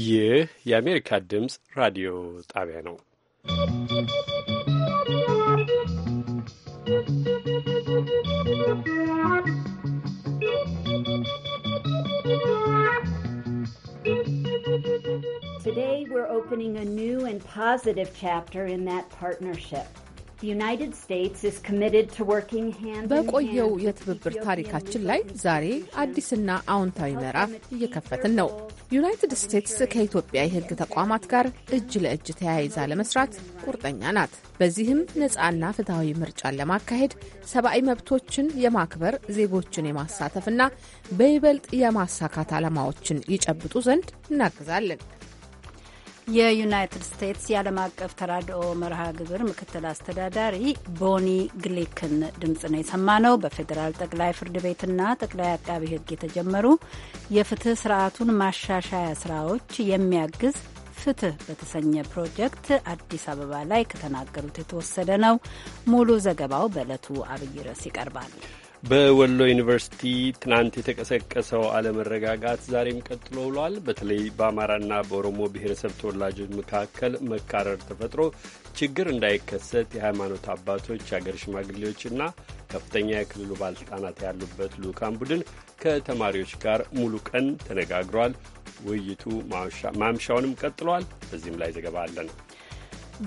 ይህ የአሜሪካ ድምፅ ራዲዮ ጣቢያ ነው። Today we're opening a new and positive chapter in that partnership. በቆየው የትብብር ታሪካችን ላይ ዛሬ አዲስና አዎንታዊ ምዕራፍ እየከፈትን ነው። ዩናይትድ ስቴትስ ከኢትዮጵያ የሕግ ተቋማት ጋር እጅ ለእጅ ተያይዛ ለመስራት ቁርጠኛ ናት። በዚህም ነፃና ፍትሐዊ ምርጫን ለማካሄድ ሰብአዊ መብቶችን የማክበር ዜጎችን የማሳተፍና በይበልጥ የማሳካት ዓላማዎችን ይጨብጡ ዘንድ እናግዛለን። የዩናይትድ ስቴትስ የዓለም አቀፍ ተራድኦ መርሃ ግብር ምክትል አስተዳዳሪ ቦኒ ግሊክን ድምፅ ነው ነው። በፌዴራል ጠቅላይ ፍርድ ቤትና ጠቅላይ አቃቢ ሕግ የተጀመሩ የፍትህ ስርዓቱን ማሻሻያ ስራዎች የሚያግዝ ፍትህ በተሰኘ ፕሮጀክት አዲስ አበባ ላይ ከተናገሩት የተወሰደ ነው። ሙሉ ዘገባው በዕለቱ አብይ ርዕስ ይቀርባል። በወሎ ዩኒቨርሲቲ ትናንት የተቀሰቀሰው አለመረጋጋት ዛሬም ቀጥሎ ውሏል። በተለይ በአማራና በኦሮሞ ብሔረሰብ ተወላጆች መካከል መካረር ተፈጥሮ ችግር እንዳይከሰት የሃይማኖት አባቶች፣ የአገር ሽማግሌዎችና ከፍተኛ የክልሉ ባለስልጣናት ያሉበት ልዑካን ቡድን ከተማሪዎች ጋር ሙሉ ቀን ተነጋግሯል። ውይይቱ ማምሻውንም ቀጥሏል። በዚህም ላይ ዘገባ አለን።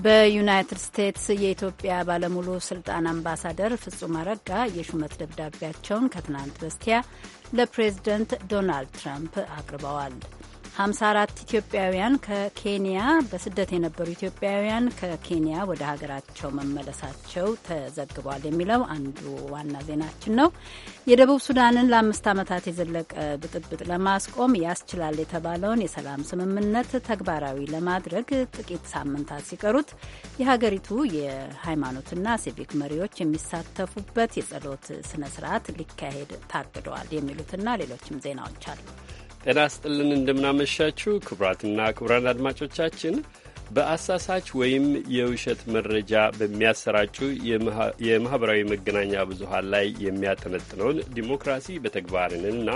በዩናይትድ ስቴትስ የኢትዮጵያ ባለሙሉ ስልጣን አምባሳደር ፍጹም አረጋ የሹመት ደብዳቤያቸውን ከትናንት በስቲያ ለፕሬዝደንት ዶናልድ ትራምፕ አቅርበዋል። 54 ኢትዮጵያውያን ከኬንያ በስደት የነበሩ ኢትዮጵያውያን ከኬንያ ወደ ሀገራቸው መመለሳቸው ተዘግቧል የሚለው አንዱ ዋና ዜናችን ነው። የደቡብ ሱዳንን ለአምስት ዓመታት የዘለቀ ብጥብጥ ለማስቆም ያስችላል የተባለውን የሰላም ስምምነት ተግባራዊ ለማድረግ ጥቂት ሳምንታት ሲቀሩት የሀገሪቱ የሃይማኖትና ሲቪክ መሪዎች የሚሳተፉበት የጸሎት ስነ ስርዓት ሊካሄድ ታቅደዋል የሚሉትና ሌሎችም ዜናዎች አሉ። ጤና ስጥልን እንደምናመሻችሁ ክቡራትና ክቡራን አድማጮቻችን በአሳሳች ወይም የውሸት መረጃ በሚያሰራጩ የማኅበራዊ መገናኛ ብዙሃን ላይ የሚያጠነጥነውን ዲሞክራሲ በተግባርንና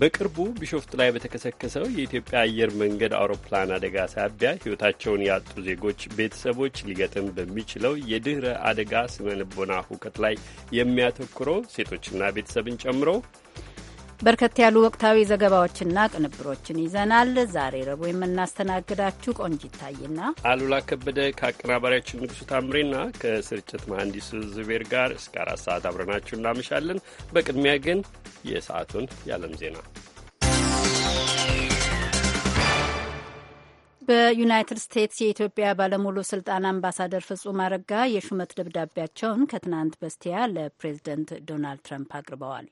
በቅርቡ ቢሾፍት ላይ በተከሰከሰው የኢትዮጵያ አየር መንገድ አውሮፕላን አደጋ ሳቢያ ሕይወታቸውን ያጡ ዜጎች ቤተሰቦች ሊገጥም በሚችለው የድኅረ አደጋ ስነ ልቦና ሁከት ላይ የሚያተኩረው ሴቶችና ቤተሰብን ጨምሮ በርከት ያሉ ወቅታዊ ዘገባዎችና ቅንብሮችን ይዘናል። ዛሬ ረቡ የምናስተናግዳችሁ ቆንጅ ይታይና አሉላ ከበደ ከአቀናባሪያችን ንጉሱ ታምሬና ከስርጭት መሐንዲሱ ዝቤር ጋር እስከ አራት ሰዓት አብረናችሁ እናመሻለን። በቅድሚያ ግን የሰዓቱን የዓለም ዜና በዩናይትድ ስቴትስ የኢትዮጵያ ባለሙሉ ስልጣን አምባሳደር ፍጹም አረጋ የሹመት ደብዳቤያቸውን ከትናንት በስቲያ ለፕሬዝደንት ዶናልድ ትራምፕ አቅርበዋል።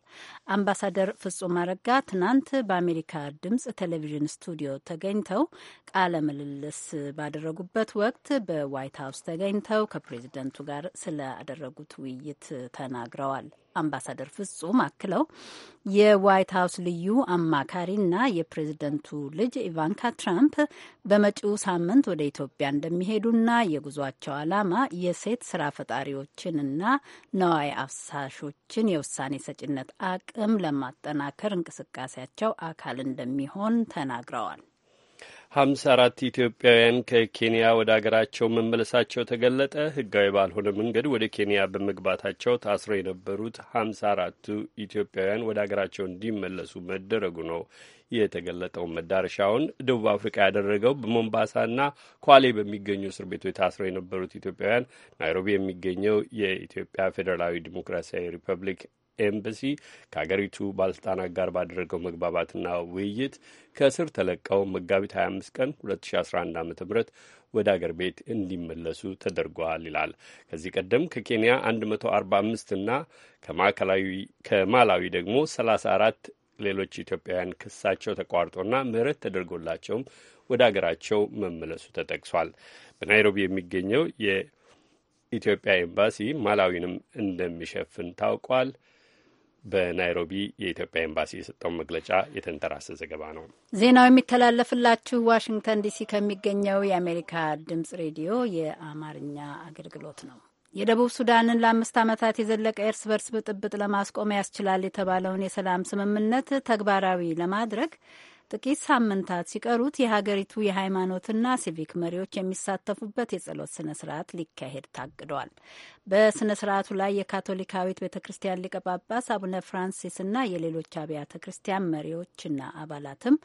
አምባሳደር ፍጹም አረጋ ትናንት በአሜሪካ ድምጽ ቴሌቪዥን ስቱዲዮ ተገኝተው ቃለ ምልልስ ባደረጉበት ወቅት በዋይት ሀውስ ተገኝተው ከፕሬዝደንቱ ጋር አደረጉት ውይይት ተናግረዋል። አምባሳደር ፍጹም አክለው የዋይት ሀውስ ልዩ አማካሪና የፕሬዝደንቱ ልጅ ኢቫንካ ትራምፕ በመጪው ሳምንት ወደ ኢትዮጵያ እንደሚሄዱና የጉዟቸው ዓላማ የሴት ስራ ፈጣሪዎችንና ነዋይ አፍሳሾችን የውሳኔ ሰጭነት አቅም ለማጠናከር እንቅስቃሴያቸው አካል እንደሚሆን ተናግረዋል። ሀምሳ አራት ኢትዮጵያውያን ከኬንያ ወደ አገራቸው መመለሳቸው ተገለጠ። ህጋዊ ባልሆነ መንገድ ወደ ኬንያ በመግባታቸው ታስረው የነበሩት ሀምሳ አራቱ ኢትዮጵያውያን ወደ አገራቸው እንዲመለሱ መደረጉ ነው የተገለጠው። መዳረሻውን ደቡብ አፍሪካ ያደረገው በሞምባሳና ኳሌ በሚገኙ እስር ቤቶች ታስረው የነበሩት ኢትዮጵያውያን ናይሮቢ የሚገኘው የኢትዮጵያ ፌዴራላዊ ዲሞክራሲያዊ ሪፐብሊክ ኤምባሲ ከሀገሪቱ ባለስልጣናት ጋር ባደረገው መግባባትና ውይይት ከእስር ተለቀው መጋቢት 25 ቀን 2011 ዓ ም ወደ አገር ቤት እንዲመለሱ ተደርጓል ይላል። ከዚህ ቀደም ከኬንያ 145 እና ከማላዊ ደግሞ 34 ሌሎች ኢትዮጵያውያን ክሳቸው ተቋርጦና ምህረት ተደርጎላቸውም ወደ አገራቸው መመለሱ ተጠቅሷል። በናይሮቢ የሚገኘው የኢትዮጵያ ኤምባሲ ማላዊንም እንደሚሸፍን ታውቋል። በናይሮቢ የኢትዮጵያ ኤምባሲ የሰጠውን መግለጫ የተንተራሰ ዘገባ ነው። ዜናው የሚተላለፍላችሁ ዋሽንግተን ዲሲ ከሚገኘው የአሜሪካ ድምጽ ሬዲዮ የአማርኛ አገልግሎት ነው። የደቡብ ሱዳንን ለአምስት ዓመታት የዘለቀ እርስ በርስ ብጥብጥ ለማስቆም ያስችላል የተባለውን የሰላም ስምምነት ተግባራዊ ለማድረግ ጥቂት ሳምንታት ሲቀሩት የሀገሪቱ የሃይማኖትና ሲቪክ መሪዎች የሚሳተፉበት የጸሎት ስነ ስርዓት ሊካሄድ ታቅዷል። በስነ ስርዓቱ ላይ የካቶሊካዊት ቤተ ክርስቲያን ሊቀ ጳጳስ አቡነ ፍራንሲስና የሌሎች አብያተ ክርስቲያን መሪዎችና አባላትም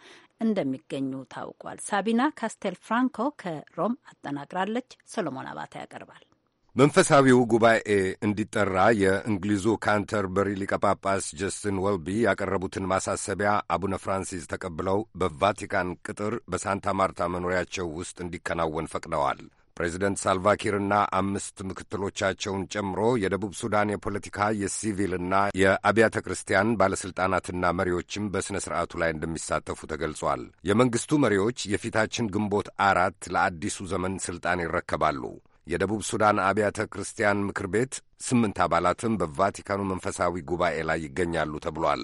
እንደሚገኙ ታውቋል። ሳቢና ካስቴል ፍራንኮ ከሮም አጠናቅራለች። ሰሎሞን አባተ ያቀርባል። መንፈሳዊው ጉባኤ እንዲጠራ የእንግሊዙ ካንተርበሪ ሊቀ ጳጳስ ጀስትን ወልቢ ያቀረቡትን ማሳሰቢያ አቡነ ፍራንሲስ ተቀብለው በቫቲካን ቅጥር በሳንታ ማርታ መኖሪያቸው ውስጥ እንዲከናወን ፈቅደዋል። ፕሬዚደንት ሳልቫኪርና አምስት ምክትሎቻቸውን ጨምሮ የደቡብ ሱዳን የፖለቲካ የሲቪልና የአብያተ ክርስቲያን ባለሥልጣናትና መሪዎችም በሥነ ሥርዓቱ ላይ እንደሚሳተፉ ተገልጿል። የመንግሥቱ መሪዎች የፊታችን ግንቦት አራት ለአዲሱ ዘመን ሥልጣን ይረከባሉ። የደቡብ ሱዳን አብያተ ክርስቲያን ምክር ቤት ስምንት አባላትም በቫቲካኑ መንፈሳዊ ጉባኤ ላይ ይገኛሉ ተብሏል።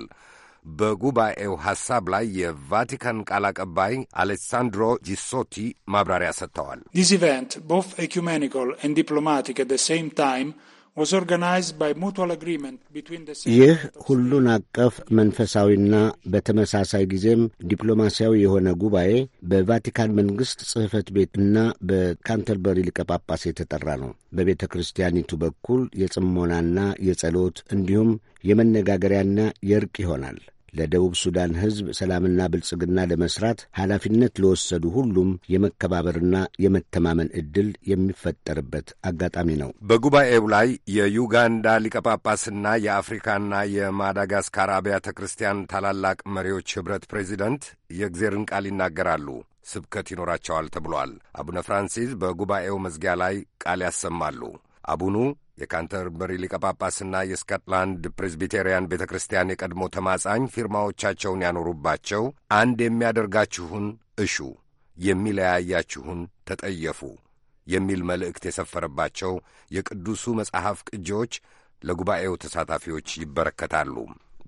በጉባኤው ሐሳብ ላይ የቫቲካን ቃል አቀባይ አሌሳንድሮ ጂሶቲ ማብራሪያ ሰጥተዋል። ዲስ ኢቨንት ቦዝ ኢኩሜኒካል ኤንድ ዲፕሎማቲክ አት ዘ ሴም ታይም ይህ ሁሉን አቀፍ መንፈሳዊና በተመሳሳይ ጊዜም ዲፕሎማሲያዊ የሆነ ጉባኤ በቫቲካን መንግሥት ጽሕፈት ቤትና በካንተርበሪ ሊቀ ጳጳስ የተጠራ ነው። በቤተ ክርስቲያኒቱ በኩል የጽሞናና የጸሎት እንዲሁም የመነጋገሪያና የእርቅ ይሆናል። ለደቡብ ሱዳን ሕዝብ ሰላምና ብልጽግና ለመሥራት ኃላፊነት ለወሰዱ ሁሉም የመከባበርና የመተማመን ዕድል የሚፈጠርበት አጋጣሚ ነው። በጉባኤው ላይ የዩጋንዳ ሊቀጳጳስና የአፍሪካና የማዳጋስካር አብያተ ክርስቲያን ታላላቅ መሪዎች ኅብረት ፕሬዚደንት የእግዜርን ቃል ይናገራሉ። ስብከት ይኖራቸዋል ተብሏል። አቡነ ፍራንሲስ በጉባኤው መዝጊያ ላይ ቃል ያሰማሉ። አቡኑ የካንተርበሪ ሊቀ ጳጳስና የስኮትላንድ ፕሬዝቢቴሪያን ቤተ ክርስቲያን የቀድሞ ተማጻኝ ፊርማዎቻቸውን ያኖሩባቸው አንድ የሚያደርጋችሁን እሹ፣ የሚለያያችሁን ተጠየፉ የሚል መልእክት የሰፈረባቸው የቅዱሱ መጽሐፍ ቅጂዎች ለጉባኤው ተሳታፊዎች ይበረከታሉ።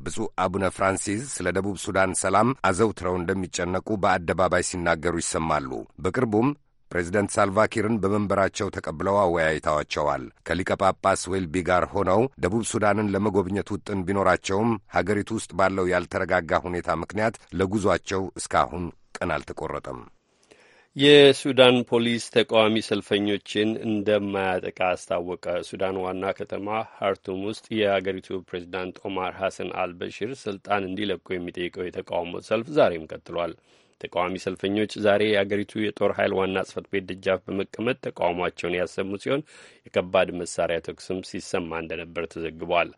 ብፁዕ አቡነ ፍራንሲስ ስለ ደቡብ ሱዳን ሰላም አዘውትረው እንደሚጨነቁ በአደባባይ ሲናገሩ ይሰማሉ። በቅርቡም ፕሬዚደንት ሳልቫኪርን በመንበራቸው ተቀብለው አወያይተዋቸዋል። ከሊቀ ጳጳስ ዌልቢ ጋር ሆነው ደቡብ ሱዳንን ለመጎብኘት ውጥን ቢኖራቸውም ሀገሪቱ ውስጥ ባለው ያልተረጋጋ ሁኔታ ምክንያት ለጉዟቸው እስካሁን ቀን አልተቆረጠም። የሱዳን ፖሊስ ተቃዋሚ ሰልፈኞችን እንደማያጠቃ አስታወቀ። ሱዳን ዋና ከተማ ሀርቱም ውስጥ የአገሪቱ ፕሬዚዳንት ኦማር ሐሰን አልበሽር ስልጣን እንዲለቁ የሚጠይቀው የተቃውሞ ሰልፍ ዛሬም ቀጥሏል። ተቃዋሚ ሰልፈኞች ዛሬ የአገሪቱ የጦር ኃይል ዋና ጽህፈት ቤት ደጃፍ በመቀመጥ ተቃውሟቸውን ያሰሙ ሲሆን የከባድ መሳሪያ ተኩስም ሲሰማ እንደነበር ተዘግቧል።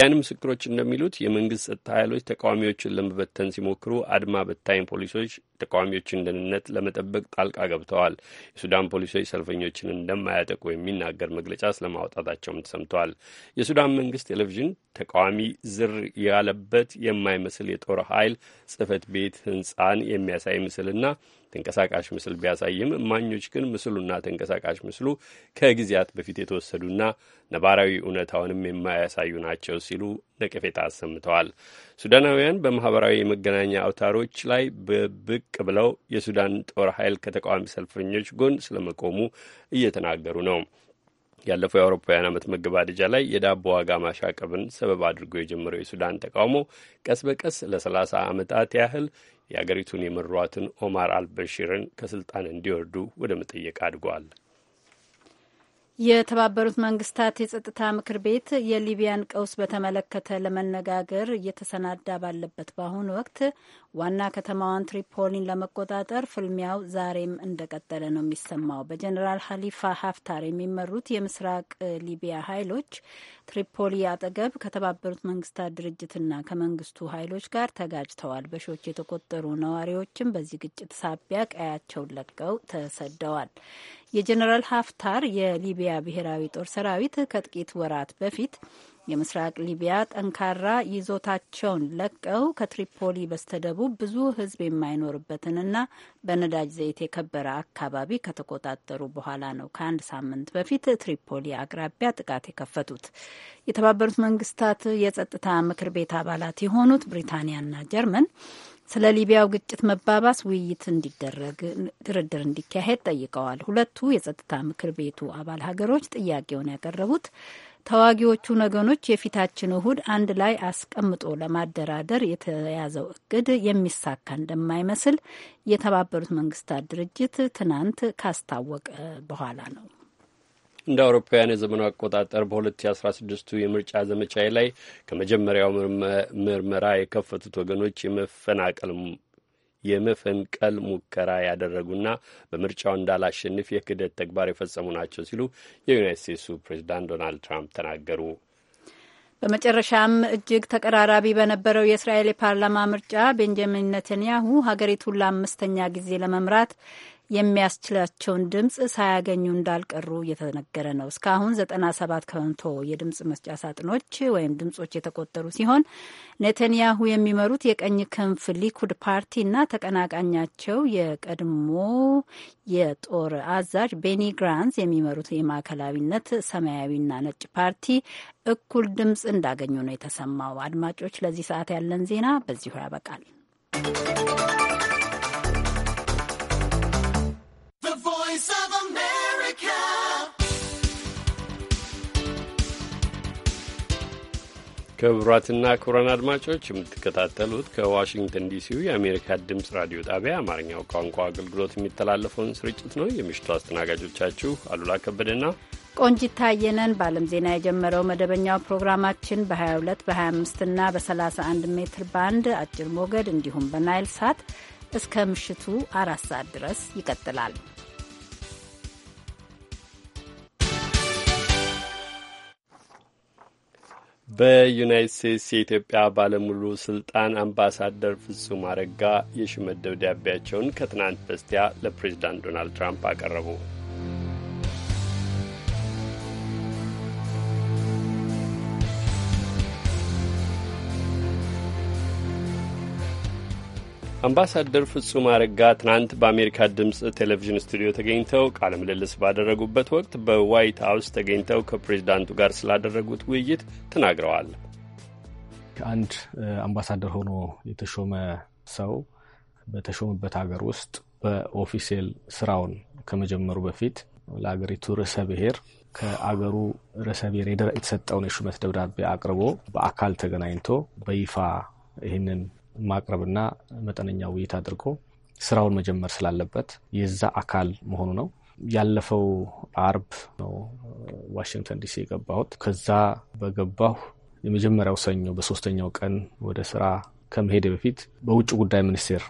ያን ምስክሮች እንደሚሉት የመንግስት ጸጥታ ኃይሎች ተቃዋሚዎችን ለመበተን ሲሞክሩ አድማ በታኝ ፖሊሶች ተቃዋሚዎችን ደህንነት ለመጠበቅ ጣልቃ ገብተዋል። የሱዳን ፖሊሶች ሰልፈኞችን እንደማያጠቁ የሚናገር መግለጫ ስለማውጣታቸውም ተሰምተዋል። የሱዳን መንግስት ቴሌቪዥን ተቃዋሚ ዝር ያለበት የማይመስል የጦር ኃይል ጽህፈት ቤት ህንፃን የሚያሳይ ምስልና ተንቀሳቃሽ ምስል ቢያሳይም እማኞች ግን ምስሉና ተንቀሳቃሽ ምስሉ ከጊዜያት በፊት የተወሰዱና ነባራዊ እውነታውንም የማያሳዩ ናቸው ሲሉ ነቀፌታ አሰምተዋል። ሱዳናውያን በማህበራዊ የመገናኛ አውታሮች ላይ በብቅ ብለው የሱዳን ጦር ኃይል ከተቃዋሚ ሰልፈኞች ጎን ስለመቆሙ እየተናገሩ ነው። ያለፈው የአውሮፓውያን ዓመት መገባደጃ ላይ የዳቦ ዋጋ ማሻቀብን ሰበብ አድርጎ የጀመረው የሱዳን ተቃውሞ ቀስ በቀስ ለሰላሳ ዓመታት ያህል የአገሪቱን የመሯትን ኦማር አልበሺርን ከስልጣን እንዲወርዱ ወደ መጠየቅ አድጓል። የተባበሩት መንግስታት የጸጥታ ምክር ቤት የሊቢያን ቀውስ በተመለከተ ለመነጋገር እየተሰናዳ ባለበት በአሁኑ ወቅት ዋና ከተማዋን ትሪፖሊን ለመቆጣጠር ፍልሚያው ዛሬም እንደቀጠለ ነው የሚሰማው። በጀኔራል ሀሊፋ ሀፍታር የሚመሩት የምስራቅ ሊቢያ ኃይሎች ትሪፖሊ አጠገብ ከተባበሩት መንግስታት ድርጅትና ከመንግስቱ ኃይሎች ጋር ተጋጭተዋል። በሺዎች የተቆጠሩ ነዋሪዎችም በዚህ ግጭት ሳቢያ ቀያቸውን ለቀው ተሰደዋል። የጀኔራል ሀፍታር የሊቢያ ብሔራዊ ጦር ሰራዊት ከጥቂት ወራት በፊት የምስራቅ ሊቢያ ጠንካራ ይዞታቸውን ለቀው ከትሪፖሊ በስተደቡብ ብዙ ሕዝብ የማይኖርበትንና በነዳጅ ዘይት የከበረ አካባቢ ከተቆጣጠሩ በኋላ ነው ከአንድ ሳምንት በፊት ትሪፖሊ አቅራቢያ ጥቃት የከፈቱት። የተባበሩት መንግስታት የጸጥታ ምክር ቤት አባላት የሆኑት ብሪታንያና ጀርመን ስለ ሊቢያው ግጭት መባባስ ውይይት እንዲደረግ ድርድር እንዲካሄድ ጠይቀዋል። ሁለቱ የጸጥታ ምክር ቤቱ አባል ሀገሮች ጥያቄውን ያቀረቡት ተዋጊዎቹን ወገኖች የፊታችን እሁድ አንድ ላይ አስቀምጦ ለማደራደር የተያዘው እቅድ የሚሳካ እንደማይመስል የተባበሩት መንግስታት ድርጅት ትናንት ካስታወቀ በኋላ ነው። እንደ አውሮፓውያን የዘመኑ አቆጣጠር በ2016 የምርጫ ዘመቻ ላይ ከመጀመሪያው ምርመራ የከፈቱት ወገኖች የመፈናቀል የመፈንቀል ሙከራ ያደረጉና በምርጫው እንዳላሸንፍ የክደት ተግባር የፈጸሙ ናቸው ሲሉ የዩናይት ስቴትሱ ፕሬዚዳንት ዶናልድ ትራምፕ ተናገሩ። በመጨረሻም እጅግ ተቀራራቢ በነበረው የእስራኤል የፓርላማ ምርጫ ቤንጃሚን ነተንያሁ ሀገሪቱን ለአምስተኛ ጊዜ ለመምራት የሚያስችላቸውን ድምፅ ሳያገኙ እንዳልቀሩ እየተነገረ ነው። እስካሁን 97 ከመቶ የድምፅ መስጫ ሳጥኖች ወይም ድምጾች የተቆጠሩ ሲሆን ኔተንያሁ የሚመሩት የቀኝ ክንፍ ሊኩድ ፓርቲ እና ተቀናቃኛቸው የቀድሞ የጦር አዛዥ ቤኒ ግራንዝ የሚመሩት የማዕከላዊነት ሰማያዊና ነጭ ፓርቲ እኩል ድምፅ እንዳገኙ ነው የተሰማው። አድማጮች፣ ለዚህ ሰዓት ያለን ዜና በዚሁ ያበቃል። ክቡራትና ክቡራን አድማጮች የምትከታተሉት ከዋሽንግተን ዲሲው የአሜሪካ ድምፅ ራዲዮ ጣቢያ አማርኛው ቋንቋ አገልግሎት የሚተላለፈውን ስርጭት ነው። የምሽቱ አስተናጋጆቻችሁ አሉላ ከበደና ቆንጂት ታየነን። በዓለም ዜና የጀመረው መደበኛው ፕሮግራማችን በ22 25 እና በ31 ሜትር ባንድ አጭር ሞገድ እንዲሁም በናይል ሳት እስከ ምሽቱ አራት ሰዓት ድረስ ይቀጥላል። በዩናይት ስቴትስ የኢትዮጵያ ባለሙሉ ስልጣን አምባሳደር ፍጹም አረጋ የሽመት ደብዳቤያቸውን ከትናንት በስቲያ ለፕሬዚዳንት ዶናልድ ትራምፕ አቀረቡ። አምባሳደር ፍጹም አረጋ ትናንት በአሜሪካ ድምፅ ቴሌቪዥን ስቱዲዮ ተገኝተው ቃለ ምልልስ ባደረጉበት ወቅት በዋይት ሀውስ ተገኝተው ከፕሬዚዳንቱ ጋር ስላደረጉት ውይይት ተናግረዋል። ከአንድ አምባሳደር ሆኖ የተሾመ ሰው በተሾመበት ሀገር ውስጥ በኦፊሴል ስራውን ከመጀመሩ በፊት ለሀገሪቱ ርዕሰ ብሔር ከአገሩ ርዕሰ ብሔር የተሰጠውን የሹመት ደብዳቤ አቅርቦ በአካል ተገናኝቶ በይፋ ይህንን ማቅረብና መጠነኛ ውይይት አድርጎ ስራውን መጀመር ስላለበት የዛ አካል መሆኑ ነው። ያለፈው አርብ ነው ዋሽንግተን ዲሲ የገባሁት። ከዛ በገባሁ የመጀመሪያው ሰኞ በሶስተኛው ቀን ወደ ስራ ከመሄድ በፊት በውጭ ጉዳይ ሚኒስቴር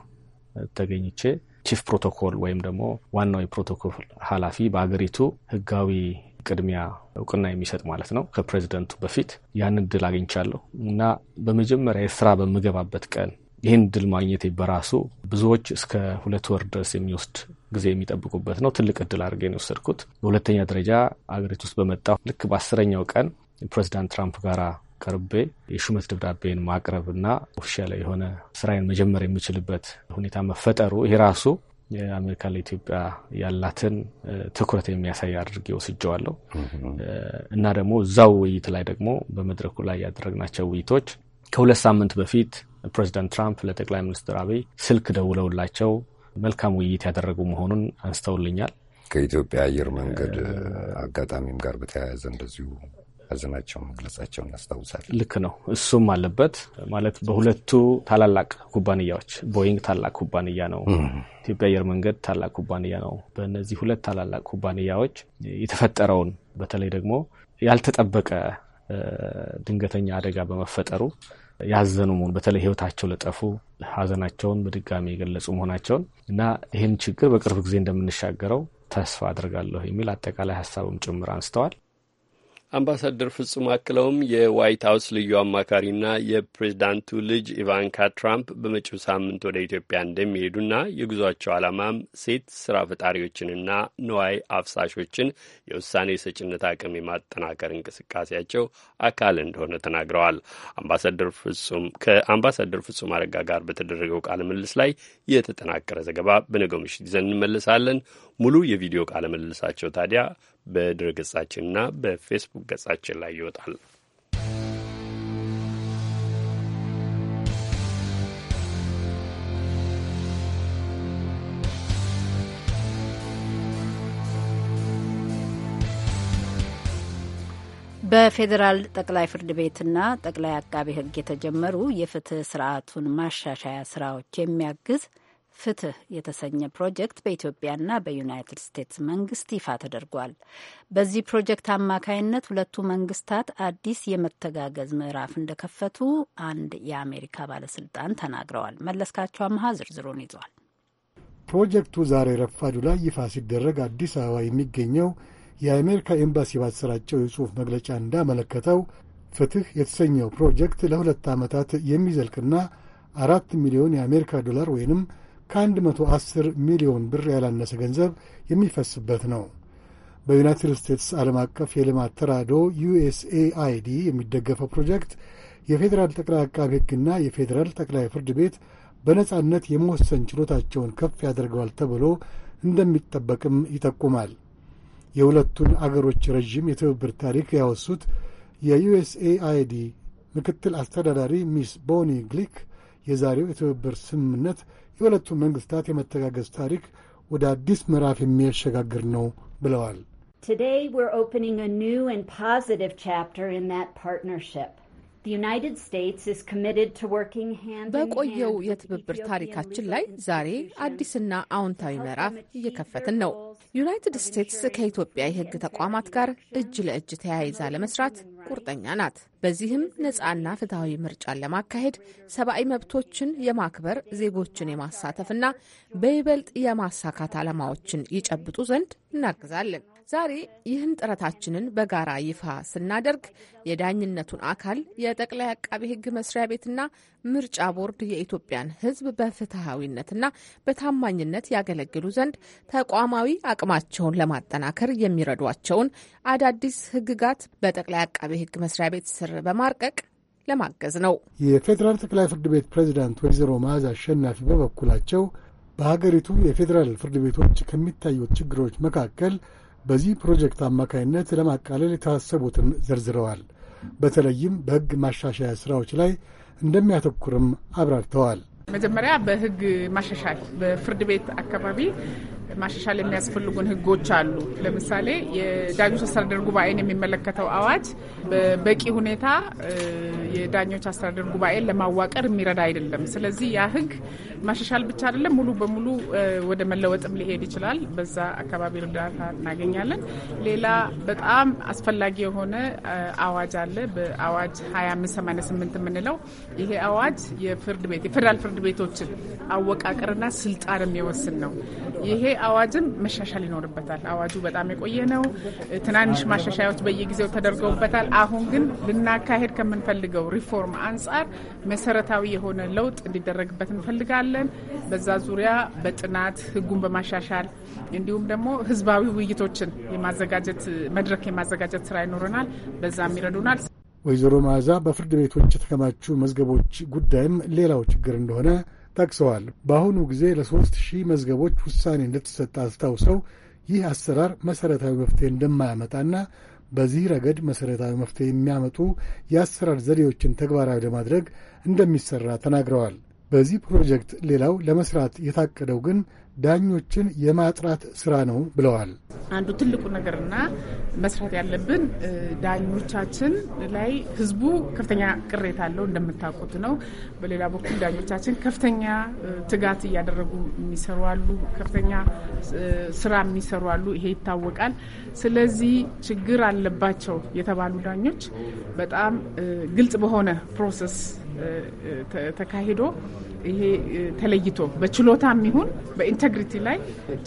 ተገኝቼ ቺፍ ፕሮቶኮል ወይም ደግሞ ዋናው የፕሮቶኮል ኃላፊ በሀገሪቱ ህጋዊ ቅድሚያ እውቅና የሚሰጥ ማለት ነው። ከፕሬዚደንቱ በፊት ያንን ድል አግኝቻለሁ እና በመጀመሪያ የስራ በምገባበት ቀን ይህን ድል ማግኘቴ በራሱ ብዙዎች እስከ ሁለት ወር ድረስ የሚወስድ ጊዜ የሚጠብቁበት ነው። ትልቅ እድል አድርገን የወሰድኩት። በሁለተኛ ደረጃ አገሪቱ ውስጥ በመጣ ልክ በአስረኛው ቀን ፕሬዚዳንት ትራምፕ ጋር ቀርቤ የሹመት ደብዳቤን ማቅረብ እና ኦፊሻል የሆነ ስራዬን መጀመር የሚችልበት ሁኔታ መፈጠሩ ይሄ ራሱ የአሜሪካ ለኢትዮጵያ ያላትን ትኩረት የሚያሳይ አድርጌ ወስጀዋለሁ እና ደግሞ እዛው ውይይት ላይ ደግሞ በመድረኩ ላይ ያደረግናቸው ውይይቶች ከሁለት ሳምንት በፊት ፕሬዚዳንት ትራምፕ ለጠቅላይ ሚኒስትር አብይ ስልክ ደውለውላቸው መልካም ውይይት ያደረጉ መሆኑን አንስተውልኛል። ከኢትዮጵያ አየር መንገድ አጋጣሚም ጋር በተያያዘ እንደዚሁ ሀዘናቸውን መግለጻቸውን እናስታውሳለን። ልክ ነው። እሱም አለበት ማለት በሁለቱ ታላላቅ ኩባንያዎች ቦይንግ ታላቅ ኩባንያ ነው፣ ኢትዮጵያ አየር መንገድ ታላቅ ኩባንያ ነው። በእነዚህ ሁለት ታላላቅ ኩባንያዎች የተፈጠረውን በተለይ ደግሞ ያልተጠበቀ ድንገተኛ አደጋ በመፈጠሩ ያዘኑ መሆኑ በተለይ ህይወታቸው ለጠፉ ሀዘናቸውን በድጋሚ የገለጹ መሆናቸውን እና ይህን ችግር በቅርብ ጊዜ እንደምንሻገረው ተስፋ አድርጋለሁ የሚል አጠቃላይ ሀሳብም ጭምር አንስተዋል። አምባሳደር ፍጹም አክለውም የዋይት ሀውስ ልዩ አማካሪና የፕሬዚዳንቱ ልጅ ኢቫንካ ትራምፕ በመጪው ሳምንት ወደ ኢትዮጵያ እንደሚሄዱና የጉዟቸው ዓላማም ሴት ስራ ፈጣሪዎችንና ነዋይ አፍሳሾችን የውሳኔ ሰጭነት አቅም የማጠናከር እንቅስቃሴያቸው አካል እንደሆነ ተናግረዋል። አምባሳደር ፍጹም ከአምባሳደር ፍጹም አረጋ ጋር በተደረገው ቃለ ምልልስ ላይ የተጠናቀረ ዘገባ በነገው ምሽት ይዘን እንመልሳለን። ሙሉ የቪዲዮ ቃለ ምልልሳቸው ታዲያ በድረ ገጻችንና በፌስቡክ ገጻችን ላይ ይወጣል። በፌዴራል ጠቅላይ ፍርድ ቤትና ጠቅላይ አቃቤ ሕግ የተጀመሩ የፍትህ ስርዓቱን ማሻሻያ ስራዎች የሚያግዝ ፍትህ የተሰኘ ፕሮጀክት በኢትዮጵያና በዩናይትድ ስቴትስ መንግስት ይፋ ተደርጓል። በዚህ ፕሮጀክት አማካይነት ሁለቱ መንግስታት አዲስ የመተጋገዝ ምዕራፍ እንደከፈቱ አንድ የአሜሪካ ባለስልጣን ተናግረዋል። መለስካቸው አመሀ ዝርዝሩን ይዟል። ፕሮጀክቱ ዛሬ ረፋዱ ላይ ይፋ ሲደረግ አዲስ አበባ የሚገኘው የአሜሪካ ኤምባሲ ባሰራጨው የጽሑፍ መግለጫ እንዳመለከተው ፍትህ የተሰኘው ፕሮጀክት ለሁለት ዓመታት የሚዘልቅና አራት ሚሊዮን የአሜሪካ ዶላር ወይንም ከ110 ሚሊዮን ብር ያላነሰ ገንዘብ የሚፈስበት ነው። በዩናይትድ ስቴትስ ዓለም አቀፍ የልማት ተራድኦ ዩኤስኤአይዲ የሚደገፈው ፕሮጀክት የፌዴራል ጠቅላይ አቃቢ ሕግና የፌዴራል ጠቅላይ ፍርድ ቤት በነጻነት የመወሰን ችሎታቸውን ከፍ ያደርገዋል ተብሎ እንደሚጠበቅም ይጠቁማል። የሁለቱን አገሮች ረዥም የትብብር ታሪክ ያወሱት የዩኤስኤአይዲ ምክትል አስተዳዳሪ ሚስ ቦኒ ግሊክ የዛሬው የትብብር ስምምነት የሁለቱ መንግስታት የመተጋገዝ ታሪክ ወደ አዲስ ምዕራፍ የሚያሸጋግር ነው ብለዋል። በቆየው የትብብር ታሪካችን ላይ ዛሬ አዲስና አዎንታዊ ምዕራፍ እየከፈትን ነው። ዩናይትድ ስቴትስ ከኢትዮጵያ የህግ ተቋማት ጋር እጅ ለእጅ ተያይዛ ለመስራት ቁርጠኛ ናት። በዚህም ነፃና ፍትሐዊ ምርጫን ለማካሄድ ሰብአዊ መብቶችን የማክበር ዜጎችን የማሳተፍና በይበልጥ የማሳካት ዓላማዎችን ይጨብጡ ዘንድ እናግዛለን። ዛሬ ይህን ጥረታችንን በጋራ ይፋ ስናደርግ የዳኝነቱን አካል የጠቅላይ አቃቤ ሕግ መስሪያ ቤትና ምርጫ ቦርድ የኢትዮጵያን ሕዝብ በፍትሐዊነትና በታማኝነት ያገለግሉ ዘንድ ተቋማዊ አቅማቸውን ለማጠናከር የሚረዷቸውን አዳዲስ ሕግጋት በጠቅላይ አቃቤ ሕግ መስሪያ ቤት ስር በማርቀቅ ለማገዝ ነው። የፌዴራል ጠቅላይ ፍርድ ቤት ፕሬዚዳንት ወይዘሮ መዓዛ አሸናፊ በበኩላቸው በሀገሪቱ የፌዴራል ፍርድ ቤቶች ከሚታዩት ችግሮች መካከል በዚህ ፕሮጀክት አማካይነት ለማቃለል የታሰቡትን ዘርዝረዋል። በተለይም በሕግ ማሻሻያ ስራዎች ላይ እንደሚያተኩርም አብራርተዋል። መጀመሪያ በሕግ ማሻሻል በፍርድ ቤት አካባቢ ማሻሻል የሚያስፈልጉን ህጎች አሉ። ለምሳሌ የዳኞች አስተዳደር ጉባኤን የሚመለከተው አዋጅ በበቂ ሁኔታ የዳኞች አስተዳደር ጉባኤን ለማዋቀር የሚረዳ አይደለም። ስለዚህ ያ ህግ ማሻሻል ብቻ አይደለም፣ ሙሉ በሙሉ ወደ መለወጥም ሊሄድ ይችላል። በዛ አካባቢ እርዳታ እናገኛለን። ሌላ በጣም አስፈላጊ የሆነ አዋጅ አለ። በአዋጅ 2588 የምንለው ይሄ አዋጅ የፍርድ ቤት የፌዴራል ፍርድ ቤቶችን አወቃቀርና ስልጣን የሚወስን ነው። ይሄ አዋጅም መሻሻል ይኖርበታል። አዋጁ በጣም የቆየ ነው። ትናንሽ ማሻሻያዎች በየጊዜው ተደርገውበታል። አሁን ግን ልናካሄድ ከምንፈልገው ሪፎርም አንጻር መሰረታዊ የሆነ ለውጥ እንዲደረግበት እንፈልጋለን። በዛ ዙሪያ በጥናት ህጉን በማሻሻል እንዲሁም ደግሞ ህዝባዊ ውይይቶችን የማዘጋጀት መድረክ የማዘጋጀት ስራ ይኖረናል። በዛም ይረዱናል። ወይዘሮ መዓዛ በፍርድ ቤቶች የተከማቹ መዝገቦች ጉዳይም ሌላው ችግር እንደሆነ ጠቅሰዋል። በአሁኑ ጊዜ ለሶስት ሺህ መዝገቦች ውሳኔ እንደተሰጠ አስታውሰው ይህ አሰራር መሠረታዊ መፍትሄ እንደማያመጣና በዚህ ረገድ መሠረታዊ መፍትሄ የሚያመጡ የአሰራር ዘዴዎችን ተግባራዊ ለማድረግ እንደሚሠራ ተናግረዋል። በዚህ ፕሮጀክት ሌላው ለመስራት የታቀደው ግን ዳኞችን የማጥራት ስራ ነው ብለዋል። አንዱ ትልቁ ነገርና መስራት ያለብን ዳኞቻችን ላይ ህዝቡ ከፍተኛ ቅሬታ አለው፣ እንደምታውቁት ነው። በሌላ በኩል ዳኞቻችን ከፍተኛ ትጋት እያደረጉ የሚሰሩ አሉ፣ ከፍተኛ ስራ የሚሰሩ አሉ። ይሄ ይታወቃል። ስለዚህ ችግር አለባቸው የተባሉ ዳኞች በጣም ግልጽ በሆነ ፕሮሰስ ተካሂዶ ይሄ ተለይቶ በችሎታም ይሁን በኢንተግሪቲ ላይ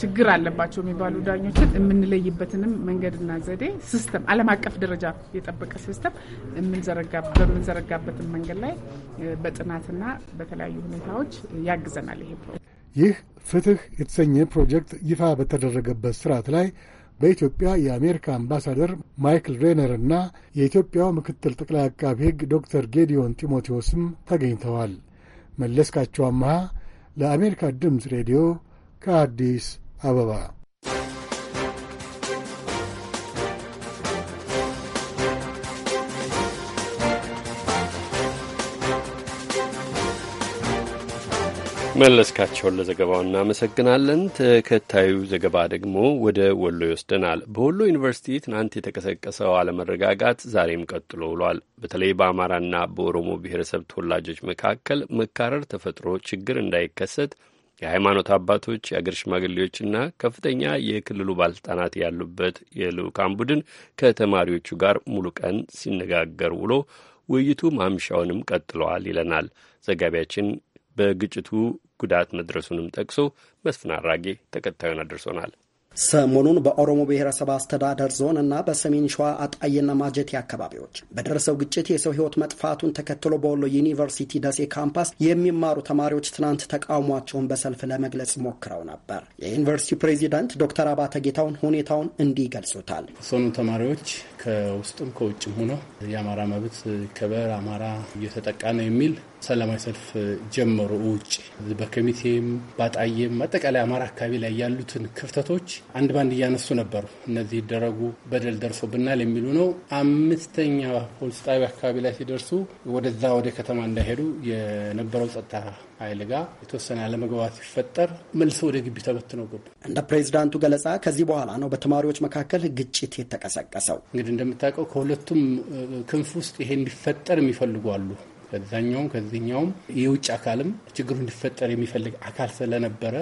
ችግር አለባቸው የሚባሉ ዳኞችን የምንለይበትንም መንገድና ዘዴ ሲስተም ዓለም አቀፍ ደረጃ የጠበቀ ሲስተም በምንዘረጋበትን መንገድ ላይ በጥናትና በተለያዩ ሁኔታዎች ያግዘናል። ይሄ ይህ ፍትህ የተሰኘ ፕሮጀክት ይፋ በተደረገበት ስርዓት ላይ በኢትዮጵያ የአሜሪካ አምባሳደር ማይክል ሬነር እና የኢትዮጵያው ምክትል ጠቅላይ አቃቢ ሕግ ዶክተር ጌዲዮን ጢሞቴዎስም ተገኝተዋል። መለስካቸው አመሃ ለአሜሪካ ድምፅ ሬዲዮ ከአዲስ አበባ መለስካቸውን ለዘገባው እናመሰግናለን። ተከታዩ ዘገባ ደግሞ ወደ ወሎ ይወስደናል። በወሎ ዩኒቨርሲቲ ትናንት የተቀሰቀሰው አለመረጋጋት ዛሬም ቀጥሎ ውሏል። በተለይ በአማራና በኦሮሞ ብሔረሰብ ተወላጆች መካከል መካረር ተፈጥሮ ችግር እንዳይከሰት የሃይማኖት አባቶች፣ የአገር ሽማግሌዎችና ከፍተኛ የክልሉ ባለስልጣናት ያሉበት የልዑካን ቡድን ከተማሪዎቹ ጋር ሙሉ ቀን ሲነጋገር ውሎ ውይይቱ ማምሻውንም ቀጥለዋል ይለናል ዘጋቢያችን በግጭቱ ጉዳት መድረሱንም ጠቅሶ መስፍን አራጌ ተከታዩን አድርሶናል። ሰሞኑን በኦሮሞ ብሔረሰብ አስተዳደር ዞን እና በሰሜን ሸዋ አጣዬና ማጀቴ አካባቢዎች በደረሰው ግጭት የሰው ሕይወት መጥፋቱን ተከትሎ በወሎ ዩኒቨርሲቲ ደሴ ካምፓስ የሚማሩ ተማሪዎች ትናንት ተቃውሟቸውን በሰልፍ ለመግለጽ ሞክረው ነበር። የዩኒቨርሲቲው ፕሬዚዳንት ዶክተር አባተ ጌታውን ሁኔታውን እንዲህ ይገልጹታል። ሰኑ ተማሪዎች ከውስጥም ከውጭም ሆነው የአማራ መብት ከበር አማራ እየተጠቃ ነው የሚል ሰላማዊ ሰልፍ ጀመሩ። ውጭ በኮሚቴም በአጣየም አጠቃላይ አማራ አካባቢ ላይ ያሉትን ክፍተቶች አንድ ባንድ እያነሱ ነበሩ። እነዚህ ይደረጉ በደል ደርሶብናል የሚሉ ነው። አምስተኛ ፖሊስ ጣቢያ አካባቢ ላይ ሲደርሱ ወደዛ ወደ ከተማ እንዳይሄዱ የነበረው ጸጥታ ኃይል ጋር የተወሰነ አለመግባባት ሲፈጠር መልሰው ወደ ግቢ ተበትነው ገቡ። እንደ ፕሬዚዳንቱ ገለጻ ከዚህ በኋላ ነው በተማሪዎች መካከል ግጭት የተቀሰቀሰው። እንግዲህ እንደምታውቀው ከሁለቱም ክንፍ ውስጥ ይሄ እንዲፈጠር የሚፈልጉ አሉ። ከዛኛውም ከዚኛውም የውጭ አካልም ችግሩ እንዲፈጠር የሚፈልግ አካል ስለነበረ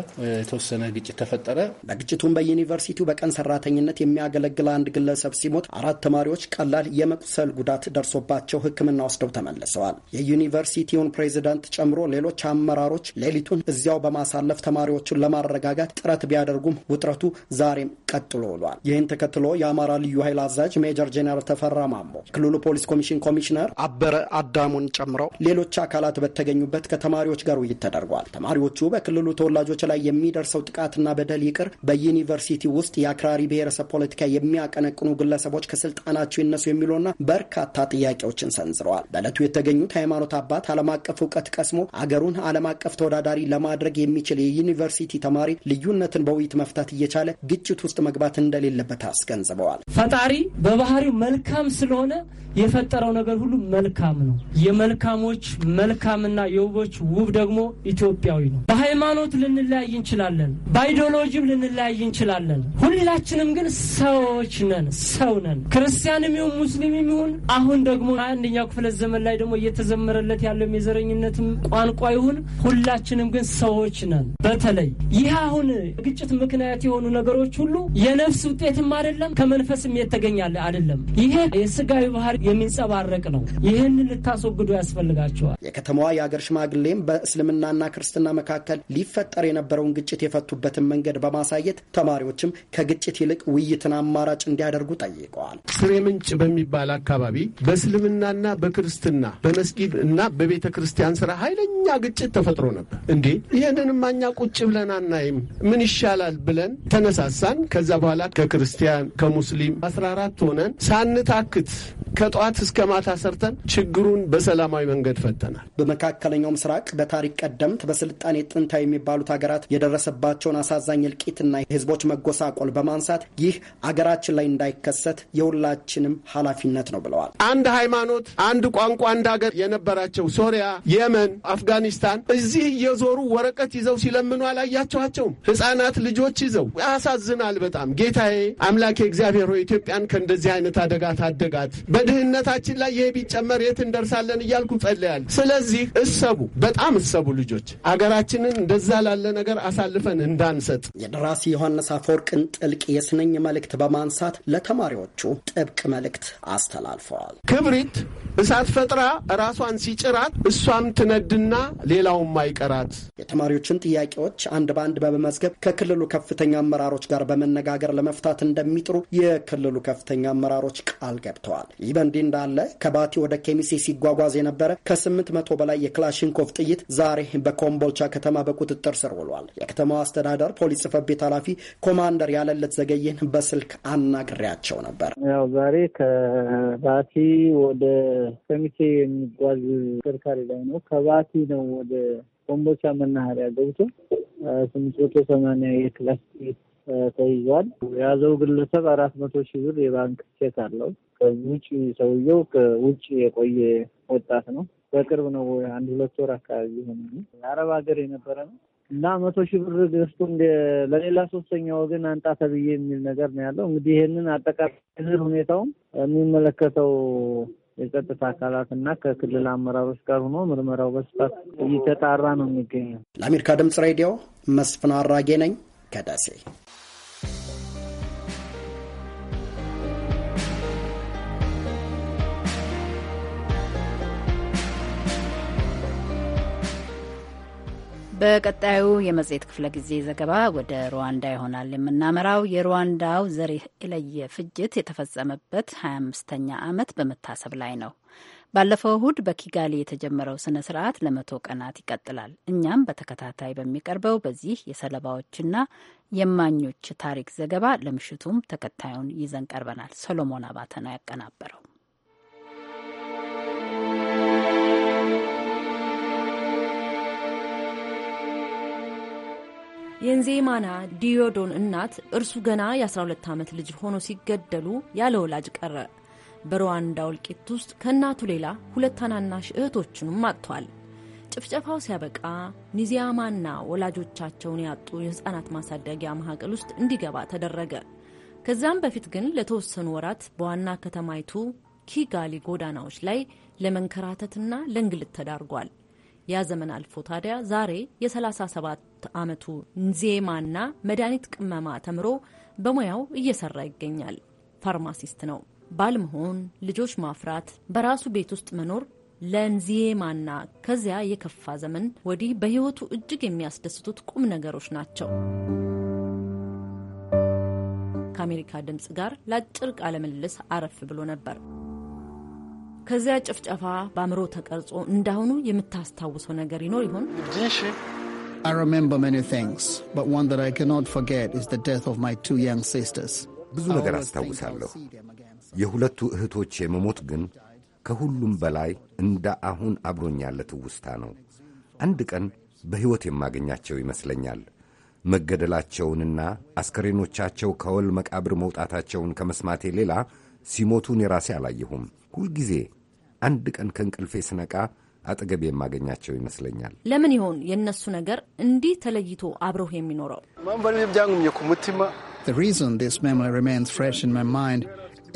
የተወሰነ ግጭት ተፈጠረ። በግጭቱም በዩኒቨርሲቲው በቀን ሰራተኝነት የሚያገለግል አንድ ግለሰብ ሲሞት አራት ተማሪዎች ቀላል የመቁሰል ጉዳት ደርሶባቸው ሕክምና ወስደው ተመልሰዋል። የዩኒቨርሲቲውን ፕሬዚዳንት ጨምሮ ሌሎች አመራሮች ሌሊቱን እዚያው በማሳለፍ ተማሪዎቹን ለማረጋጋት ጥረት ቢያደርጉም ውጥረቱ ዛሬም ቀጥሎ ውሏል። ይህን ተከትሎ የአማራ ልዩ ኃይል አዛዥ ሜጀር ጄኔራል ተፈራ ማሞ፣ ክልሉ ፖሊስ ኮሚሽን ኮሚሽነር አበረ አዳሙን ጨምሮ ጨምሮ ሌሎች አካላት በተገኙበት ከተማሪዎች ጋር ውይይት ተደርጓል። ተማሪዎቹ በክልሉ ተወላጆች ላይ የሚደርሰው ጥቃትና በደል ይቅር፣ በዩኒቨርሲቲ ውስጥ የአክራሪ ብሔረሰብ ፖለቲካ የሚያቀነቅኑ ግለሰቦች ከስልጣናቸው ይነሱ የሚሉና በርካታ ጥያቄዎችን ሰንዝረዋል። በእለቱ የተገኙት ሃይማኖት አባት ዓለም አቀፍ እውቀት ቀስሞ አገሩን ዓለም አቀፍ ተወዳዳሪ ለማድረግ የሚችል የዩኒቨርሲቲ ተማሪ ልዩነትን በውይይት መፍታት እየቻለ ግጭት ውስጥ መግባት እንደሌለበት አስገንዝበዋል። ፈጣሪ በባህሪው መልካም ስለሆነ የፈጠረው ነገር ሁሉ መልካም ነው። የመልካም የመልካሞች መልካምና የውቦች ውብ ደግሞ ኢትዮጵያዊ ነው። በሃይማኖት ልንለያይ እንችላለን፣ በአይዲዮሎጂም ልንለያይ እንችላለን። ሁላችንም ግን ሰዎች ነን፣ ሰው ነን። ክርስቲያንም ይሁን ሙስሊምም ይሁን አሁን ደግሞ አንደኛው ክፍለ ዘመን ላይ ደግሞ እየተዘመረለት ያለው የዘረኝነትም ቋንቋ ይሁን ሁላችንም ግን ሰዎች ነን። በተለይ ይህ አሁን ግጭት ምክንያት የሆኑ ነገሮች ሁሉ የነፍስ ውጤትም አይደለም ከመንፈስም የተገኛለ አይደለም። ይሄ የስጋዊ ባህር የሚንጸባረቅ ነው። ይህን ልታስወግዱ ያስፈል ያስፈልጋቸዋል። የከተማዋ የአገር ሽማግሌም በእስልምናና ክርስትና መካከል ሊፈጠር የነበረውን ግጭት የፈቱበትን መንገድ በማሳየት ተማሪዎችም ከግጭት ይልቅ ውይይትን አማራጭ እንዲያደርጉ ጠይቀዋል። ስሬ ምንጭ በሚባል አካባቢ በእስልምናና በክርስትና በመስጊድ እና በቤተ ክርስቲያን ስራ ኃይለኛ ግጭት ተፈጥሮ ነበር። እንዴ ይህንንማ እኛ ቁጭ ብለን አናይም፣ ምን ይሻላል ብለን ተነሳሳን። ከዛ በኋላ ከክርስቲያን ከሙስሊም አስራ አራት ሆነን ሳንታክት ከጠዋት እስከ ማታ ሰርተን ችግሩን በሰላማዊ በሰላማዊ መንገድ ፈተናል። በመካከለኛው ምስራቅ በታሪክ ቀደምት በስልጣኔ ጥንታዊ የሚባሉት ሀገራት የደረሰባቸውን አሳዛኝ እልቂትና የህዝቦች መጎሳቆል በማንሳት ይህ አገራችን ላይ እንዳይከሰት የሁላችንም ኃላፊነት ነው ብለዋል። አንድ ሃይማኖት፣ አንድ ቋንቋ፣ አንድ ሀገር የነበራቸው ሶሪያ፣ የመን፣ አፍጋኒስታን እዚህ እየዞሩ ወረቀት ይዘው ሲለምኑ አላያቸዋቸውም? ህጻናት ልጆች ይዘው ያሳዝናል በጣም ጌታዬ አምላኬ እግዚአብሔር ሆይ ኢትዮጵያን ከእንደዚህ አይነት አደጋ ታደጋት፣ በድህነታችን ላይ ይህ ቢጨመር የት እንደርሳለን እያልኩ እያልኩ ጸልያለሁ። ስለዚህ እሰቡ፣ በጣም እሰቡ ልጆች፣ አገራችንን እንደዛ ላለ ነገር አሳልፈን እንዳንሰጥ። የደራሲ ዮሐንስ አፈወርቅን ጥልቅ የስነኝ መልእክት በማንሳት ለተማሪዎቹ ጥብቅ መልእክት አስተላልፈዋል። ክብሪት እሳት ፈጥራ ራሷን ሲጭራት እሷም ትነድና ሌላውም አይቀራት። የተማሪዎችን ጥያቄዎች አንድ በአንድ በመመዝገብ ከክልሉ ከፍተኛ አመራሮች ጋር በመነጋገር ለመፍታት እንደሚጥሩ የክልሉ ከፍተኛ አመራሮች ቃል ገብተዋል። ይህ በእንዲህ እንዳለ ከባቲ ወደ ኬሚሴ ሲጓጓዝ የነበረ ከስምንት መቶ በላይ የክላሽንኮቭ ጥይት ዛሬ በኮምቦልቻ ከተማ በቁጥጥር ስር ውሏል። የከተማው አስተዳደር ፖሊስ ጽፈት ቤት ኃላፊ ኮማንደር ያለለት ዘገየን በስልክ አናግሬያቸው ነበር። ያው ዛሬ ከባቲ ወደ ከሚቴ የሚጓዝ ተሽከርካሪ ላይ ነው። ከባቲ ነው ወደ ኮምቦቻ መናኸሪያ ገብቶ ስምንት መቶ ሰማንያ የክላስ ተይዟል። የያዘው ግለሰብ አራት መቶ ሺህ ብር የባንክ ቼክ አለው። ከዚህ ውጭ ሰውየው ከውጭ የቆየ ወጣት ነው። በቅርብ ነው አንድ ሁለት ወር አካባቢ ሆነ የአረብ ሀገር የነበረ ነው እና መቶ ሺህ ብር ገዝቶ ለሌላ ሶስተኛ ወገን አንጣ ተብዬ የሚል ነገር ነው ያለው። እንግዲህ ይህንን አጠቃላይ ሁኔታውም የሚመለከተው የጸጥታ አካላትና ከክልል አመራሮች ጋር ሆኖ ምርመራው በስፋት እየተጣራ ነው የሚገኘው። ለአሜሪካ ድምጽ ሬዲዮ መስፍን አራጌ ነኝ ከደሴ። በቀጣዩ የመጽሔት ክፍለ ጊዜ ዘገባ ወደ ሩዋንዳ ይሆናል የምናመራው። የሩዋንዳው ዘር የለየ ፍጅት የተፈጸመበት 25ኛ ዓመት በመታሰብ ላይ ነው። ባለፈው እሁድ በኪጋሊ የተጀመረው ስነ ስርዓት ለመቶ ቀናት ይቀጥላል። እኛም በተከታታይ በሚቀርበው በዚህ የሰለባዎችና የማኞች ታሪክ ዘገባ ለምሽቱም ተከታዩን ይዘን ቀርበናል። ሰሎሞን አባተ ነው ያቀናበረው። የንዜማና ዲዮዶን እናት እርሱ ገና የ12 ዓመት ልጅ ሆኖ ሲገደሉ ያለ ወላጅ ቀረ። በሩዋንዳ እልቂት ውስጥ ከእናቱ ሌላ ሁለት ታናናሽ እህቶቹንም አጥቷል። ጭፍጨፋው ሲያበቃ ኒዚያማና ወላጆቻቸውን ያጡ የሕፃናት ማሳደጊያ ማዕከል ውስጥ እንዲገባ ተደረገ። ከዚያም በፊት ግን ለተወሰኑ ወራት በዋና ከተማይቱ ኪጋሊ ጎዳናዎች ላይ ለመንከራተትና ለእንግልት ተዳርጓል። ያ ዘመን አልፎ ታዲያ ዛሬ የ37 ዓመቱ ዜማና መድኃኒት ቅመማ ተምሮ በሙያው እየሰራ ይገኛል። ፋርማሲስት ነው። ባል መሆን፣ ልጆች ማፍራት፣ በራሱ ቤት ውስጥ መኖር ለንዚማና ከዚያ የከፋ ዘመን ወዲህ በሕይወቱ እጅግ የሚያስደስቱት ቁም ነገሮች ናቸው። ከአሜሪካ ድምፅ ጋር ለአጭር ቃለ ምልልስ አረፍ ብሎ ነበር። ከዚያ ጭፍጨፋ በአእምሮ ተቀርጾ እንዳሁኑ የምታስታውሰው ነገር ይኖር ይሆን? ብዙ ነገር አስታውሳለሁ። የሁለቱ እህቶች የመሞት ግን ከሁሉም በላይ እንደ አሁን አብሮኝ ያለ ትውስታ ነው። አንድ ቀን በሕይወት የማገኛቸው ይመስለኛል። መገደላቸውንና አስከሬኖቻቸው ከወል መቃብር መውጣታቸውን ከመስማቴ ሌላ ሲሞቱ እኔ ራሴ አላየሁም። ሁልጊዜ አንድ ቀን ከእንቅልፌ ስነቃ አጠገብ የማገኛቸው ይመስለኛል። ለምን ይሆን የእነሱ ነገር እንዲህ ተለይቶ አብረው የሚኖረው? The reason this memory remains fresh in my mind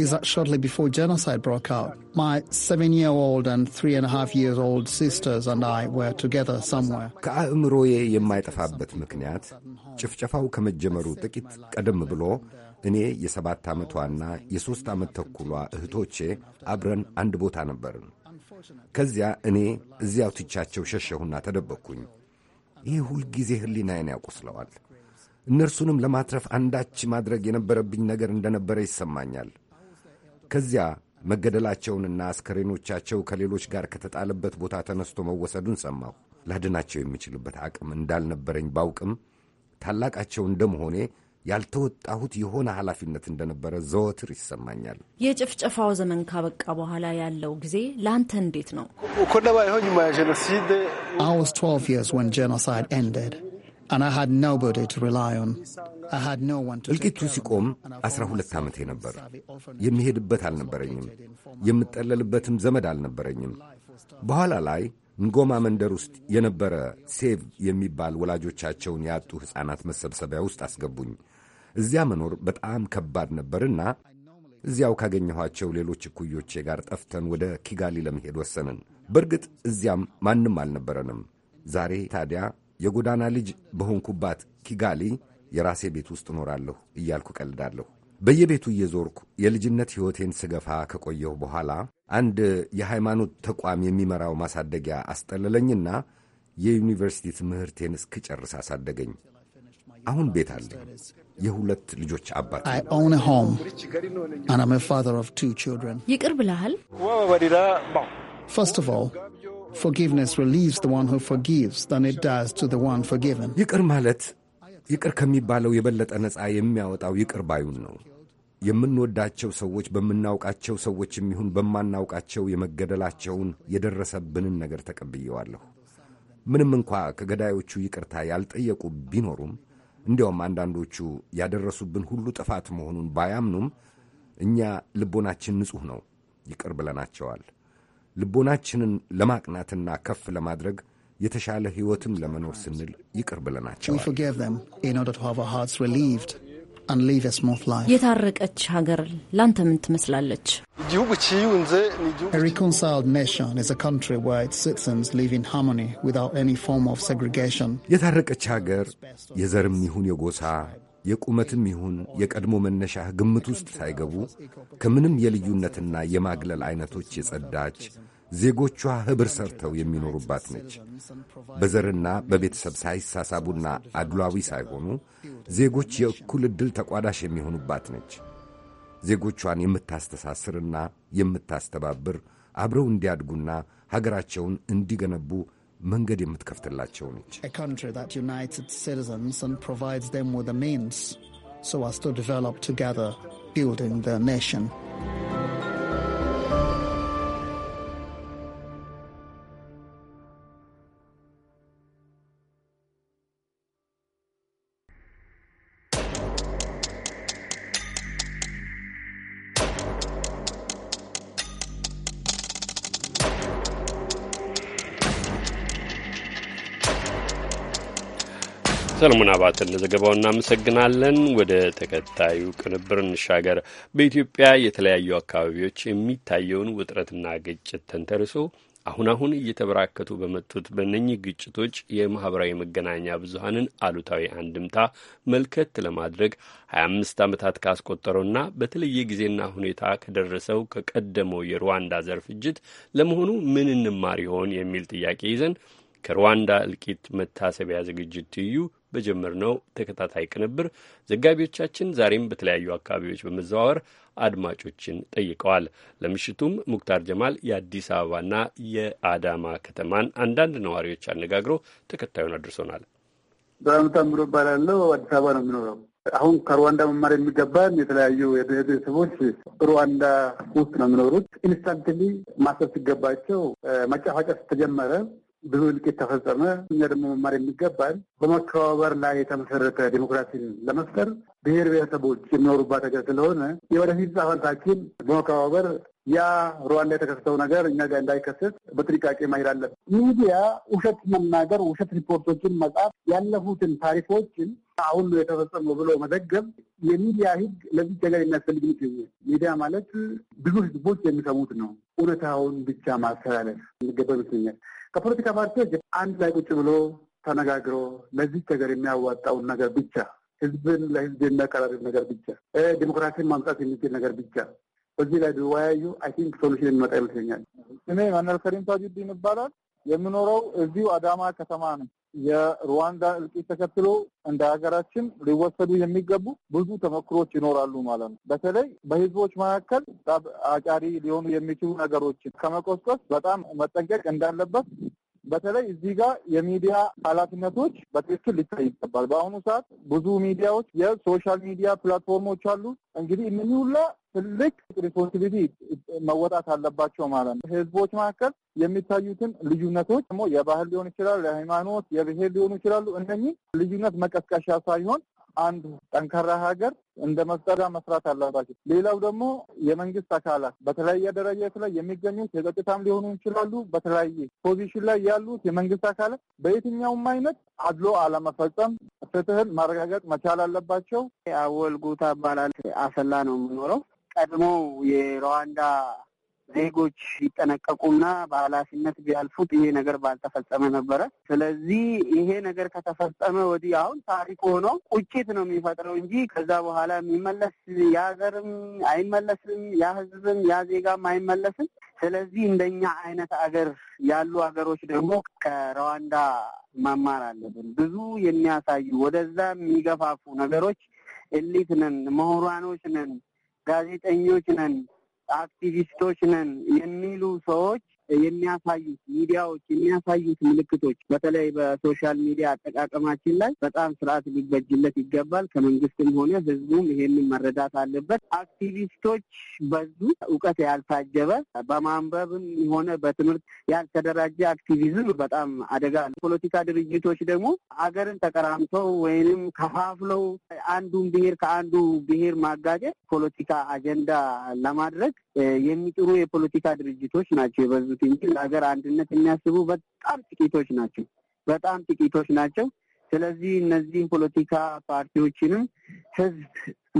is that shortly before genocide broke out, my seven-year-old and three-and-a-half-years-old sisters and I were together somewhere. ከአእምሮዬ የማይጠፋበት ምክንያት ጭፍጨፋው ከመጀመሩ ጥቂት ቀደም ብሎ እኔ የሰባት ዓመቷና የሦስት ዓመት ተኩሏ እህቶቼ አብረን አንድ ቦታ ነበርን። ከዚያ እኔ እዚያው ትቻቸው ሸሸሁና ተደበቅኩኝ። ይህ ሁልጊዜ ሕሊናዬን ያቆስለዋል። እነርሱንም ለማትረፍ አንዳች ማድረግ የነበረብኝ ነገር እንደነበረ ይሰማኛል። ከዚያ መገደላቸውንና አስከሬኖቻቸው ከሌሎች ጋር ከተጣለበት ቦታ ተነስቶ መወሰዱን ሰማሁ። ላድናቸው የሚችልበት አቅም እንዳልነበረኝ ባውቅም ታላቃቸው እንደመሆኔ ያልተወጣሁት የሆነ ኃላፊነት እንደነበረ ዘወትር ይሰማኛል። የጭፍጨፋው ዘመን ካበቃ በኋላ ያለው ጊዜ ለአንተ እንዴት ነው? እልቂቱ ሲቆም ዐሥራ ሁለት ዓመቴ ነበር። የሚሄድበት አልነበረኝም። የምጠለልበትም ዘመድ አልነበረኝም። በኋላ ላይ ንጎማ መንደር ውስጥ የነበረ ሴቭ የሚባል ወላጆቻቸውን ያጡ ሕፃናት መሰብሰቢያ ውስጥ አስገቡኝ። እዚያ መኖር በጣም ከባድ ነበርና እዚያው ካገኘኋቸው ሌሎች እኩዮቼ ጋር ጠፍተን ወደ ኪጋሊ ለመሄድ ወሰንን። በእርግጥ እዚያም ማንም አልነበረንም። ዛሬ ታዲያ የጎዳና ልጅ በሆንኩባት ኪጋሊ የራሴ ቤት ውስጥ እኖራለሁ እያልኩ ቀልዳለሁ። በየቤቱ እየዞርኩ የልጅነት ሕይወቴን ስገፋ ከቆየሁ በኋላ አንድ የሃይማኖት ተቋም የሚመራው ማሳደጊያ አስጠለለኝና የዩኒቨርሲቲ ትምህርቴን እስክጨርስ አሳደገኝ። አሁን ቤት አለኝ። የሁለት ልጆች አባት ይቅር ብልሃል። ይቅር ማለት ይቅር ከሚባለው የበለጠ ነፃ የሚያወጣው ይቅር ባዩን ነው። የምንወዳቸው ሰዎች በምናውቃቸው ሰዎች የሚሆን በማናውቃቸው የመገደላቸውን የደረሰብንን ነገር ተቀብየዋለሁ። ምንም እንኳ ከገዳዮቹ ይቅርታ ያልጠየቁ ቢኖሩም እንዲያውም አንዳንዶቹ ያደረሱብን ሁሉ ጥፋት መሆኑን ባያምኑም እኛ ልቦናችን ንጹሕ ነው፣ ይቅር ብለናቸዋል። ልቦናችንን ለማቅናትና ከፍ ለማድረግ የተሻለ ሕይወትም ለመኖር ስንል ይቅር ብለናቸዋል። የታረቀች ሀገር ላንተ ምን ትመስላለች? የታረቀች ሀገር የዘርም ይሁን የጎሳ የቁመትም ይሁን የቀድሞ መነሻህ ግምት ውስጥ ሳይገቡ ከምንም የልዩነትና የማግለል አይነቶች የጸዳች ዜጎቿ ኅብር ሰርተው የሚኖሩባት ነች። በዘርና በቤተሰብ ሳይሳሳቡና አድሏዊ ሳይሆኑ ዜጎች የእኩል ዕድል ተቋዳሽ የሚሆኑባት ነች። ዜጎቿን የምታስተሳስርና የምታስተባብር አብረው እንዲያድጉና ሀገራቸውን እንዲገነቡ መንገድ የምትከፍትላቸው ነች። So as to develop together, building their nation. ሰለሞን አባተን ለዘገባው እናመሰግናለን። ወደ ተከታዩ ቅንብር እንሻገር። በኢትዮጵያ የተለያዩ አካባቢዎች የሚታየውን ውጥረትና ግጭት ተንተርሶ አሁን አሁን እየተበራከቱ በመጡት በእነኚህ ግጭቶች የማኅበራዊ መገናኛ ብዙሀንን አሉታዊ አንድምታ መልከት ለማድረግ 25 ዓመታት ካስቆጠረውና በተለየ ጊዜና ሁኔታ ከደረሰው ከቀደመው የሩዋንዳ ዘር ፍጅት ለመሆኑ ምን እንማር ይሆን የሚል ጥያቄ ይዘን ከሩዋንዳ እልቂት መታሰቢያ ዝግጅት ትይዩ በጀመርነው ተከታታይ ቅንብር ዘጋቢዎቻችን ዛሬም በተለያዩ አካባቢዎች በመዘዋወር አድማጮችን ጠይቀዋል። ለምሽቱም ሙክታር ጀማል የአዲስ አበባና የአዳማ ከተማን አንዳንድ ነዋሪዎች አነጋግሮ ተከታዩን አድርሶናል። በጣም ታምሮ እባላለሁ። አዲስ አበባ ነው የሚኖረው አሁን ከሩዋንዳ መማር የሚገባን የተለያዩ የቤተሰቦች ሩዋንዳ ውስጥ ነው የሚኖሩት። ኢንስታንትሊ ማሰብ ሲገባቸው መጫፋጫ ስተጀመረ ብዙ እልቂት ተፈጸመ። እኛ ደግሞ መማር የሚገባል በመከባበር ላይ የተመሰረተ ዲሞክራሲን ለመፍጠር ብሔር ብሔረሰቦች የሚኖሩባት ሀገር ስለሆነ የወደፊት ዕጣ ፈንታችን በመከባበር ያ ሩዋንዳ የተከሰተው ነገር እኛ ጋር እንዳይከሰት በጥንቃቄ ማሄድ አለብን። ሚዲያ ውሸት መናገር፣ ውሸት ሪፖርቶችን መጻፍ፣ ያለፉትን ታሪኮችን አሁን ነው የተፈጸመው ብሎ መዘገብ የሚዲያ ህግ ለዚህ ነገር የሚያስፈልግ ይገኛል። ሚዲያ ማለት ብዙ ህዝቦች የሚሰሙት ነው። እውነታውን ብቻ ማስተላለፍ የሚገባ ይመስለኛል። ከፖለቲካ ፓርቲዎች አንድ ላይ ቁጭ ብሎ ተነጋግሮ ለዚህ ነገር የሚያዋጣውን ነገር ብቻ ህዝብን ለህዝብ የሚያቀራርብ ነገር ብቻ ዲሞክራሲን ማምጣት የሚችል ነገር ብቻ በዚህ ላይ ቢወያዩ አይ ቲንክ ሶሉሽን የሚመጣ ይመስለኛል። ስሜ ማነል ከሪም ጁዲን ይባላል። የምኖረው እዚሁ አዳማ ከተማ ነው። የሩዋንዳ እልቂት ተከትሎ እንደ ሀገራችን ሊወሰዱ የሚገቡ ብዙ ተመክሮች ይኖራሉ ማለት ነው። በተለይ በህዝቦች መካከል አጫሪ ሊሆኑ የሚችሉ ነገሮችን ከመቆስቆስ በጣም መጠንቀቅ እንዳለበት በተለይ እዚህ ጋር የሚዲያ ኃላፊነቶች በትክክል ሊታይ ይገባል። በአሁኑ ሰዓት ብዙ ሚዲያዎች የሶሻል ሚዲያ ፕላትፎርሞች አሉ። እንግዲህ እነዚህ ሁላ ትልቅ ሪስፖንሲቢሊቲ መወጣት አለባቸው ማለት ነው። ህዝቦች መካከል የሚታዩትን ልዩነቶች ደግሞ የባህል ሊሆን ይችላል፣ የሃይማኖት፣ የብሄር ሊሆኑ ይችላሉ። እነኚህ ልዩነት መቀስቀሻ ሳይሆን አንድ ጠንካራ ሀገር እንደ መፍጠራ መስራት አለባቸው። ሌላው ደግሞ የመንግስት አካላት በተለያየ ደረጃ ላይ የሚገኙት የጸጥታም ሊሆኑ ይችላሉ። በተለያየ ፖዚሽን ላይ ያሉት የመንግስት አካላት በየትኛውም አይነት አድሎ አለመፈጸም፣ ፍትህን ማረጋገጥ መቻል አለባቸው። አወል ጉታ እባላለሁ። አሰላ ነው የምኖረው። ቀድሞ የሩዋንዳ ዜጎች ይጠነቀቁና በኃላፊነት ቢያልፉት ይሄ ነገር ባልተፈጸመ ነበረ። ስለዚህ ይሄ ነገር ከተፈጸመ ወዲህ አሁን ታሪክ ሆኖ ቁጭት ነው የሚፈጥረው እንጂ ከዛ በኋላ የሚመለስ ያ ዘርም አይመለስም፣ ያ ህዝብም ያ ዜጋም አይመለስም። ስለዚህ እንደኛ አይነት አገር ያሉ አገሮች ደግሞ ከረዋንዳ መማር አለብን። ብዙ የሚያሳዩ ወደዛ የሚገፋፉ ነገሮች ኤሊት ነን፣ ምሁራኖች ነን፣ ጋዜጠኞች ነን አክቲቪስቶች ነን የሚሉ ሰዎች የሚያሳዩት ሚዲያዎች የሚያሳዩት ምልክቶች በተለይ በሶሻል ሚዲያ አጠቃቀማችን ላይ በጣም ስርዓት ሊበጅለት ይገባል። ከመንግስትም ሆነ ህዝቡም ይሄንን መረዳት አለበት። አክቲቪስቶች በዙ እውቀት ያልታጀበ በማንበብም የሆነ በትምህርት ያልተደራጀ አክቲቪዝም በጣም አደጋ ፖለቲካ ድርጅቶች ደግሞ አገርን ተቀራምተው ወይንም ከፋፍለው አንዱን ብሔር ከአንዱ ብሔር ማጋጨት ፖለቲካ አጀንዳ ለማድረግ የሚጥሩ የፖለቲካ ድርጅቶች ናቸው የበዙት እንጂ ለሀገር አንድነት የሚያስቡ በጣም ጥቂቶች ናቸው። በጣም ጥቂቶች ናቸው። ስለዚህ እነዚህን ፖለቲካ ፓርቲዎችንም ህዝብ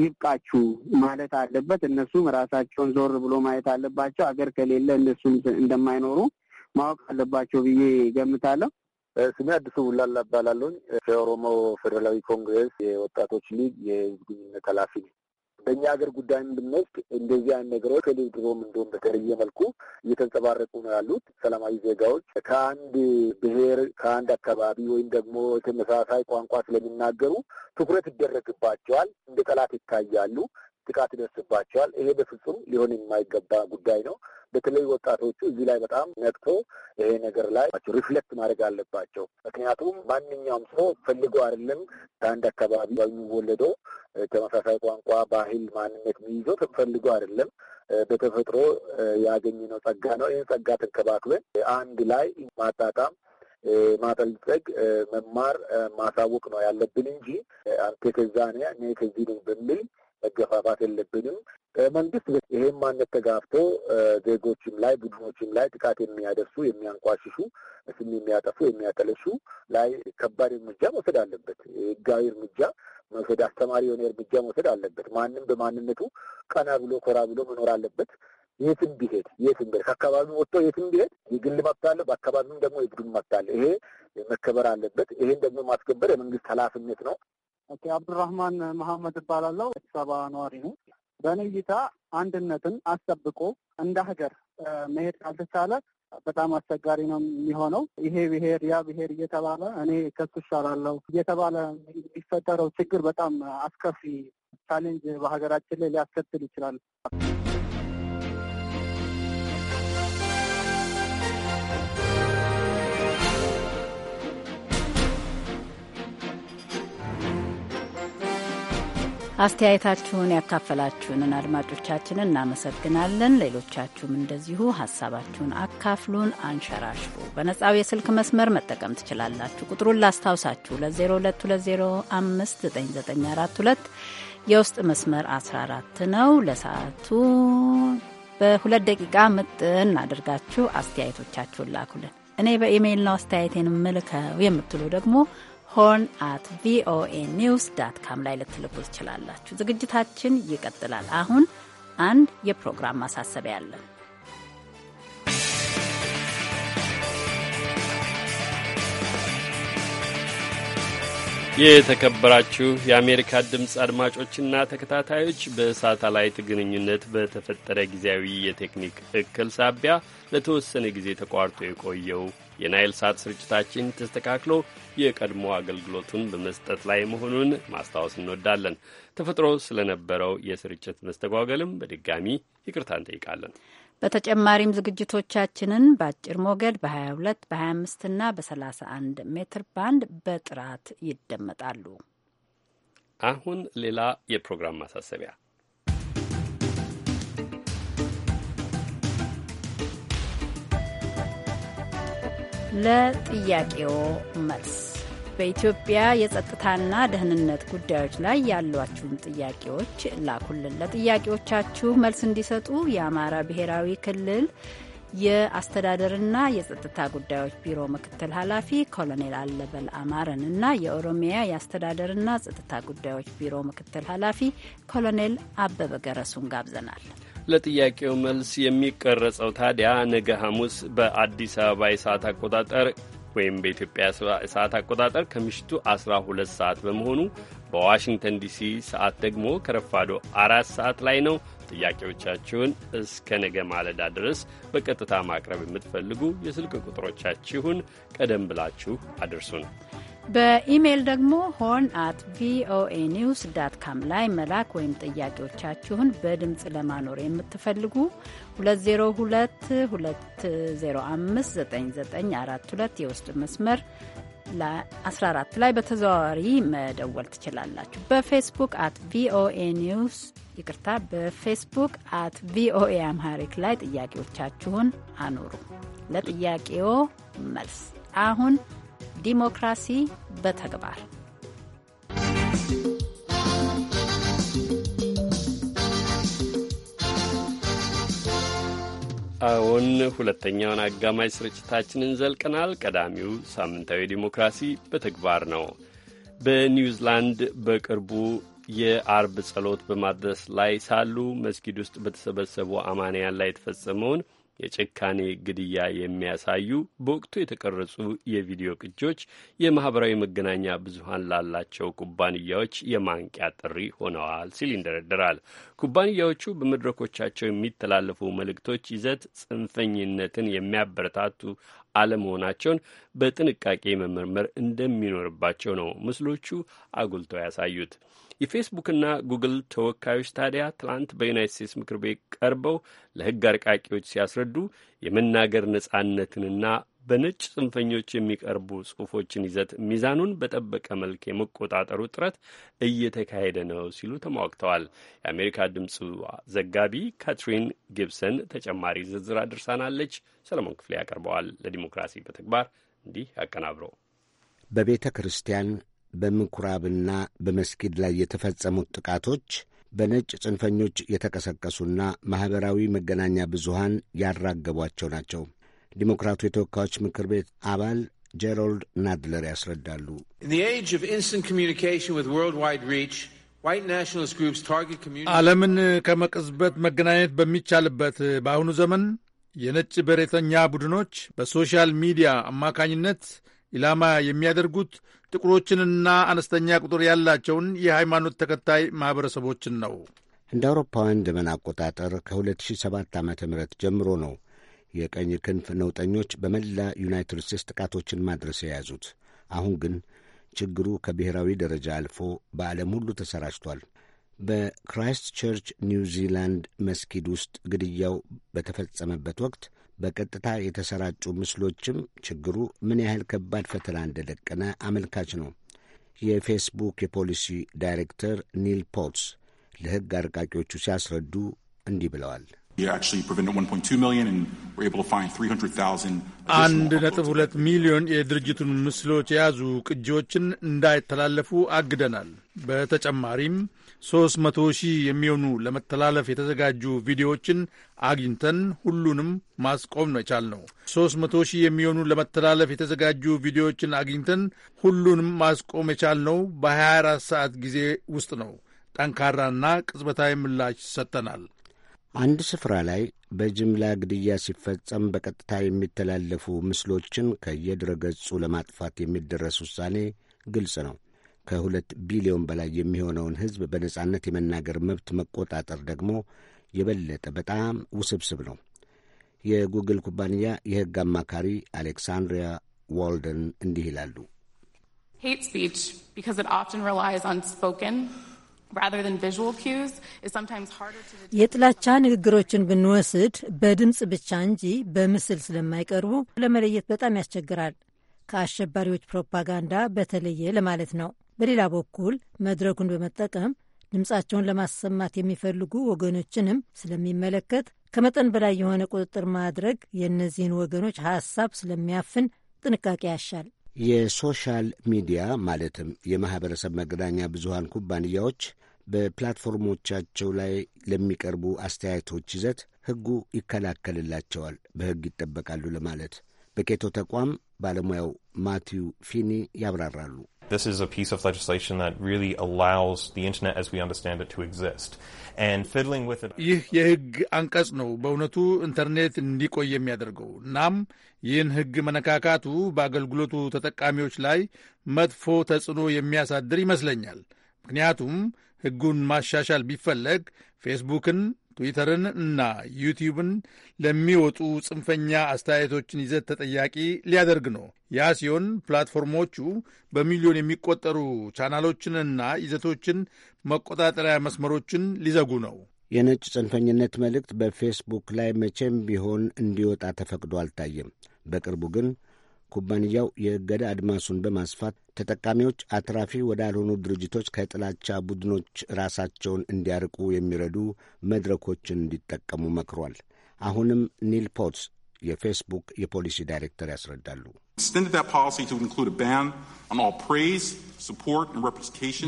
ይብቃችሁ ማለት አለበት። እነሱም ራሳቸውን ዞር ብሎ ማየት አለባቸው። አገር ከሌለ እነሱም እንደማይኖሩ ማወቅ አለባቸው ብዬ ገምታለሁ። ስሜ አዲሱ ቡላላ እባላለሁ። ከኦሮሞ ፌዴራላዊ ኮንግሬስ የወጣቶች ሊግ የህዝብ ግንኙነት ኃላፊ ነው። በእኛ ሀገር ጉዳይ ብንወስድ እንደዚህ አይነት ነገሮች ከሌብ ድሮም እንደሁም በተለየ መልኩ እየተንጸባረቁ ነው ያሉት። ሰላማዊ ዜጋዎች ከአንድ ብሔር ከአንድ አካባቢ ወይም ደግሞ ተመሳሳይ ቋንቋ ስለሚናገሩ ትኩረት ይደረግባቸዋል፣ እንደ ጠላት ይታያሉ። ጥቃት ይደርስባቸዋል። ይሄ በፍጹም ሊሆን የማይገባ ጉዳይ ነው። በተለይ ወጣቶቹ እዚህ ላይ በጣም ነቅቶ ይሄ ነገር ላይ ሪፍሌክት ማድረግ አለባቸው። ምክንያቱም ማንኛውም ሰው ፈልጎ አይደለም ከአንድ አካባቢ የሚወለደው ተመሳሳይ ቋንቋ፣ ባህል፣ ማንነት የሚይዞ ፈልጎ አይደለም። በተፈጥሮ ያገኘነው ጸጋ ነው። ይህን ጸጋ ተንከባክበን አንድ ላይ ማጣጣም ማጠልጸግ፣ መማር፣ ማሳወቅ ነው ያለብን እንጂ አንተ ከዛ እኔ ከዚህ ነኝ በሚል መገፋፋት የለብንም። መንግስት ይሄም ማነት ተጋፍቶ ዜጎችም ላይ ቡድኖችም ላይ ጥቃት የሚያደርሱ የሚያንቋሽሹ፣ ስም የሚያጠፉ የሚያጠለሹ ላይ ከባድ እርምጃ መውሰድ አለበት። ህጋዊ እርምጃ መውሰድ አስተማሪ የሆነ እርምጃ መውሰድ አለበት። ማንም በማንነቱ ቀና ብሎ ኮራ ብሎ መኖር አለበት። የትም ቢሄድ የትም ቢሄድ ከአካባቢው ወጥቶ የትም ቢሄድ የግል መብት አለ፣ በአካባቢም ደግሞ የቡድን መብት አለ። ይሄ መከበር አለበት። ይሄን ደግሞ ማስከበር የመንግስት ኃላፊነት ነው። አብዱራህማን መሐመድ እባላለሁ። አዲስ አበባ ነዋሪ ነው። በእኔ እይታ አንድነትን አስጠብቆ እንደ ሀገር መሄድ ካልተቻለ በጣም አስቸጋሪ ነው የሚሆነው። ይሄ ብሄር ያ ብሄር እየተባለ እኔ ከሱ ይሻላለሁ እየተባለ የሚፈጠረው ችግር በጣም አስከፊ ቻሌንጅ በሀገራችን ላይ ሊያስከትል ይችላል። አስተያየታችሁን ያካፈላችሁንን አድማጮቻችንን እናመሰግናለን። ሌሎቻችሁም እንደዚሁ ሀሳባችሁን አካፍሉን፣ አንሸራሽሩ። በነጻው የስልክ መስመር መጠቀም ትችላላችሁ። ቁጥሩን ላስታውሳችሁ፣ ለ022059942 የውስጥ መስመር 14 ነው። ለሰዓቱ በሁለት ደቂቃ ምጥን አድርጋችሁ አስተያየቶቻችሁን ላኩልን። እኔ በኢሜይል ነው አስተያየቴን ምልከው የምትሉ ደግሞ ሆርን አት ቪኦኤ ኒውስ ዳት ካም ላይ ልትልኩ ትችላላችሁ። ዝግጅታችን ይቀጥላል። አሁን አንድ የፕሮግራም ማሳሰቢያ አለን። የተከበራችሁ የአሜሪካ ድምፅ አድማጮችና ተከታታዮች በሳተላይት ግንኙነት በተፈጠረ ጊዜያዊ የቴክኒክ እክል ሳቢያ ለተወሰነ ጊዜ ተቋርጦ የቆየው የናይል ሳት ስርጭታችን ተስተካክሎ የቀድሞ አገልግሎቱን በመስጠት ላይ መሆኑን ማስታወስ እንወዳለን። ተፈጥሮ ስለነበረው የስርጭት መስተጓገልም በድጋሚ ይቅርታ እንጠይቃለን። በተጨማሪም ዝግጅቶቻችንን በአጭር ሞገድ በ22 በ25 እና በ31 ሜትር ባንድ በጥራት ይደመጣሉ። አሁን ሌላ የፕሮግራም ማሳሰቢያ ለጥያቄው መልስ በኢትዮጵያ የጸጥታና ደህንነት ጉዳዮች ላይ ያሏችሁን ጥያቄዎች ላኩልን። ለጥያቄዎቻችሁ መልስ እንዲሰጡ የአማራ ብሔራዊ ክልል የአስተዳደርና የጸጥታ ጉዳዮች ቢሮ ምክትል ኃላፊ ኮሎኔል አለበል አማረን እና የኦሮሚያ የአስተዳደርና ጸጥታ ጉዳዮች ቢሮ ምክትል ኃላፊ ኮሎኔል አበበ ገረሱን ጋብዘናል። ለጥያቄው መልስ የሚቀረጸው ታዲያ ነገ ሐሙስ በአዲስ አበባ የሰዓት አቆጣጠር ወይም በኢትዮጵያ ሰዓት አቆጣጠር ከምሽቱ 12 ሰዓት በመሆኑ በዋሽንግተን ዲሲ ሰዓት ደግሞ ከረፋዶ አራት ሰዓት ላይ ነው። ጥያቄዎቻችሁን እስከ ነገ ማለዳ ድረስ በቀጥታ ማቅረብ የምትፈልጉ የስልክ ቁጥሮቻችሁን ቀደም ብላችሁ አድርሱን። በኢሜይል ደግሞ ሆን አት ቪኦኤ ኒውስ ዳት ካም ላይ መላክ ወይም ጥያቄዎቻችሁን በድምፅ ለማኖር የምትፈልጉ 2022059942 የውስጥ መስመር 14 ላይ በተዘዋዋሪ መደወል ትችላላችሁ። በፌስቡክ አት ቪኦኤ ኒውስ ይቅርታ፣ በፌስቡክ አት ቪኦኤ አምሃሪክ ላይ ጥያቄዎቻችሁን አኖሩ። ለጥያቄዎ መልስ አሁን ዲሞክራሲ በተግባር አሁን ሁለተኛውን አጋማሽ ስርጭታችንን ዘልቀናል። ቀዳሚው ሳምንታዊ ዲሞክራሲ በተግባር ነው። በኒውዚላንድ በቅርቡ የአርብ ጸሎት በማድረስ ላይ ሳሉ መስጊድ ውስጥ በተሰበሰቡ አማንያን ላይ የተፈጸመውን የጭካኔ ግድያ የሚያሳዩ በወቅቱ የተቀረጹ የቪዲዮ ቅጆች የማኅበራዊ መገናኛ ብዙኃን ላላቸው ኩባንያዎች የማንቂያ ጥሪ ሆነዋል ሲል ይንደረደራል። ኩባንያዎቹ በመድረኮቻቸው የሚተላለፉ መልእክቶች ይዘት ጽንፈኝነትን የሚያበረታቱ አለመሆናቸውን በጥንቃቄ መመርመር እንደሚኖርባቸው ነው ምስሎቹ አጉልተው ያሳዩት። የፌስቡክና ጉግል ተወካዮች ታዲያ ትላንት በዩናይት ስቴትስ ምክር ቤት ቀርበው ለሕግ አርቃቂዎች ሲያስረዱ የመናገር ነጻነትንና በነጭ ጽንፈኞች የሚቀርቡ ጽሑፎችን ይዘት ሚዛኑን በጠበቀ መልክ የመቆጣጠሩ ጥረት እየተካሄደ ነው ሲሉ ተሟግተዋል። የአሜሪካ ድምፅ ዘጋቢ ካትሪን ጊብሰን ተጨማሪ ዝርዝር አድርሳናለች። ሰለሞን ክፍሌ ያቀርበዋል። ለዲሞክራሲ በተግባር እንዲህ አቀናብሮ በቤተ ክርስቲያን በምኩራብና በመስጊድ ላይ የተፈጸሙት ጥቃቶች በነጭ ጽንፈኞች የተቀሰቀሱና ማኅበራዊ መገናኛ ብዙሃን ያራገቧቸው ናቸው። ዲሞክራቱ የተወካዮች ምክር ቤት አባል ጄሮልድ ናድለር ያስረዳሉ። ዓለምን ከመቅጽበት መገናኘት በሚቻልበት በአሁኑ ዘመን የነጭ በሬተኛ ቡድኖች በሶሻል ሚዲያ አማካኝነት ኢላማ የሚያደርጉት ጥቁሮችንና አነስተኛ ቁጥር ያላቸውን የሃይማኖት ተከታይ ማኅበረሰቦችን ነው። እንደ አውሮፓውያን ዘመን አቆጣጠር ከ2007 ዓ ም ጀምሮ ነው የቀኝ ክንፍ ነውጠኞች በመላ ዩናይትድ ስቴትስ ጥቃቶችን ማድረስ የያዙት። አሁን ግን ችግሩ ከብሔራዊ ደረጃ አልፎ በዓለም ሁሉ ተሰራጭቷል። በክራይስት ቸርች ኒውዚላንድ መስጊድ ውስጥ ግድያው በተፈጸመበት ወቅት በቀጥታ የተሰራጩ ምስሎችም ችግሩ ምን ያህል ከባድ ፈተና እንደደቀነ አመልካች ነው። የፌስቡክ የፖሊሲ ዳይሬክተር ኒል ፖትስ ለሕግ አርቃቂዎቹ ሲያስረዱ እንዲህ ብለዋል። አንድ ነጥብ ሁለት ሚሊዮን የድርጅቱን ምስሎች የያዙ ቅጂዎችን እንዳይተላለፉ አግደናል። በተጨማሪም ሦስት መቶ ሺህ የሚሆኑ ለመተላለፍ የተዘጋጁ ቪዲዮዎችን አግኝተን ሁሉንም ማስቆም ነው የቻልነው። ሦስት መቶ ሺህ የሚሆኑ ለመተላለፍ የተዘጋጁ ቪዲዮዎችን አግኝተን ሁሉንም ማስቆም የቻልነው በ24 ሰዓት ጊዜ ውስጥ ነው። ጠንካራና ቅጽበታዊ ምላሽ ሰጥተናል። አንድ ስፍራ ላይ በጅምላ ግድያ ሲፈጸም በቀጥታ የሚተላለፉ ምስሎችን ከየድረ ገጹ ለማጥፋት የሚደረስ ውሳኔ ግልጽ ነው። ከሁለት ቢሊዮን በላይ የሚሆነውን ሕዝብ በነጻነት የመናገር መብት መቆጣጠር ደግሞ የበለጠ በጣም ውስብስብ ነው። የጉግል ኩባንያ የሕግ አማካሪ አሌክሳንድሪያ ዋልደን እንዲህ ይላሉ። የጥላቻ ንግግሮችን ብንወስድ በድምፅ ብቻ እንጂ በምስል ስለማይቀርቡ ለመለየት በጣም ያስቸግራል። ከአሸባሪዎች ፕሮፓጋንዳ በተለየ ለማለት ነው። በሌላ በኩል መድረኩን በመጠቀም ድምፃቸውን ለማሰማት የሚፈልጉ ወገኖችንም ስለሚመለከት ከመጠን በላይ የሆነ ቁጥጥር ማድረግ የእነዚህን ወገኖች ሐሳብ ስለሚያፍን ጥንቃቄ ያሻል። የሶሻል ሚዲያ ማለትም የማኅበረሰብ መገናኛ ብዙሃን ኩባንያዎች በፕላትፎርሞቻቸው ላይ ለሚቀርቡ አስተያየቶች ይዘት ሕጉ ይከላከልላቸዋል፣ በሕግ ይጠበቃሉ ለማለት በኬቶ ተቋም ባለሙያው ማቲው ፊኒ ያብራራሉ። This is a piece of legislation that really allows the internet as we understand it to exist. And fiddling with it... ይህ የህግ አንቀጽ ነው በእውነቱ ኢንተርኔት እንዲቆይ የሚያደርገው። እናም ይህን ህግ መነካካቱ በአገልግሎቱ ተጠቃሚዎች ላይ መጥፎ ተጽዕኖ የሚያሳድር ይመስለኛል። ምክንያቱም ህጉን ማሻሻል ቢፈለግ ፌስቡክን ትዊተርን እና ዩቲዩብን ለሚወጡ ጽንፈኛ አስተያየቶችን ይዘት ተጠያቂ ሊያደርግ ነው። ያ ሲሆን ፕላትፎርሞቹ በሚሊዮን የሚቆጠሩ ቻናሎችንና ይዘቶችን መቆጣጠሪያ መስመሮችን ሊዘጉ ነው። የነጭ ጽንፈኝነት መልእክት በፌስቡክ ላይ መቼም ቢሆን እንዲወጣ ተፈቅዶ አልታየም። በቅርቡ ግን ኩባንያው የእገዳ አድማሱን በማስፋት ተጠቃሚዎች አትራፊ ወዳልሆኑ ድርጅቶች ከጥላቻ ቡድኖች ራሳቸውን እንዲያርቁ የሚረዱ መድረኮችን እንዲጠቀሙ መክሯል። አሁንም ኒል ፖትስ የፌስቡክ የፖሊሲ ዳይሬክተር ያስረዳሉ።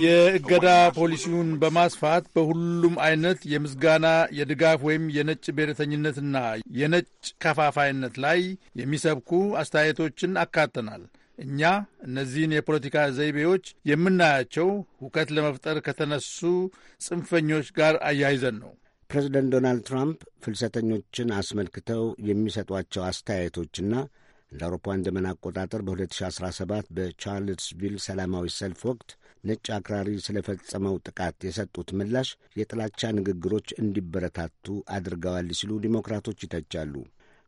የእገዳ ፖሊሲውን በማስፋት በሁሉም አይነት የምስጋና የድጋፍ ወይም የነጭ ብሔረተኝነትና የነጭ ከፋፋይነት ላይ የሚሰብኩ አስተያየቶችን አካተናል። እኛ እነዚህን የፖለቲካ ዘይቤዎች የምናያቸው ሁከት ለመፍጠር ከተነሱ ጽንፈኞች ጋር አያይዘን ነው። ፕሬዚደንት ዶናልድ ትራምፕ ፍልሰተኞችን አስመልክተው የሚሰጧቸው አስተያየቶችና እንደ አውሮፓውያን ዘመን አቆጣጠር በ2017 በቻርልስቪል ሰላማዊ ሰልፍ ወቅት ነጭ አክራሪ ስለፈጸመው ጥቃት የሰጡት ምላሽ የጥላቻ ንግግሮች እንዲበረታቱ አድርገዋል ሲሉ ዲሞክራቶች ይተቻሉ።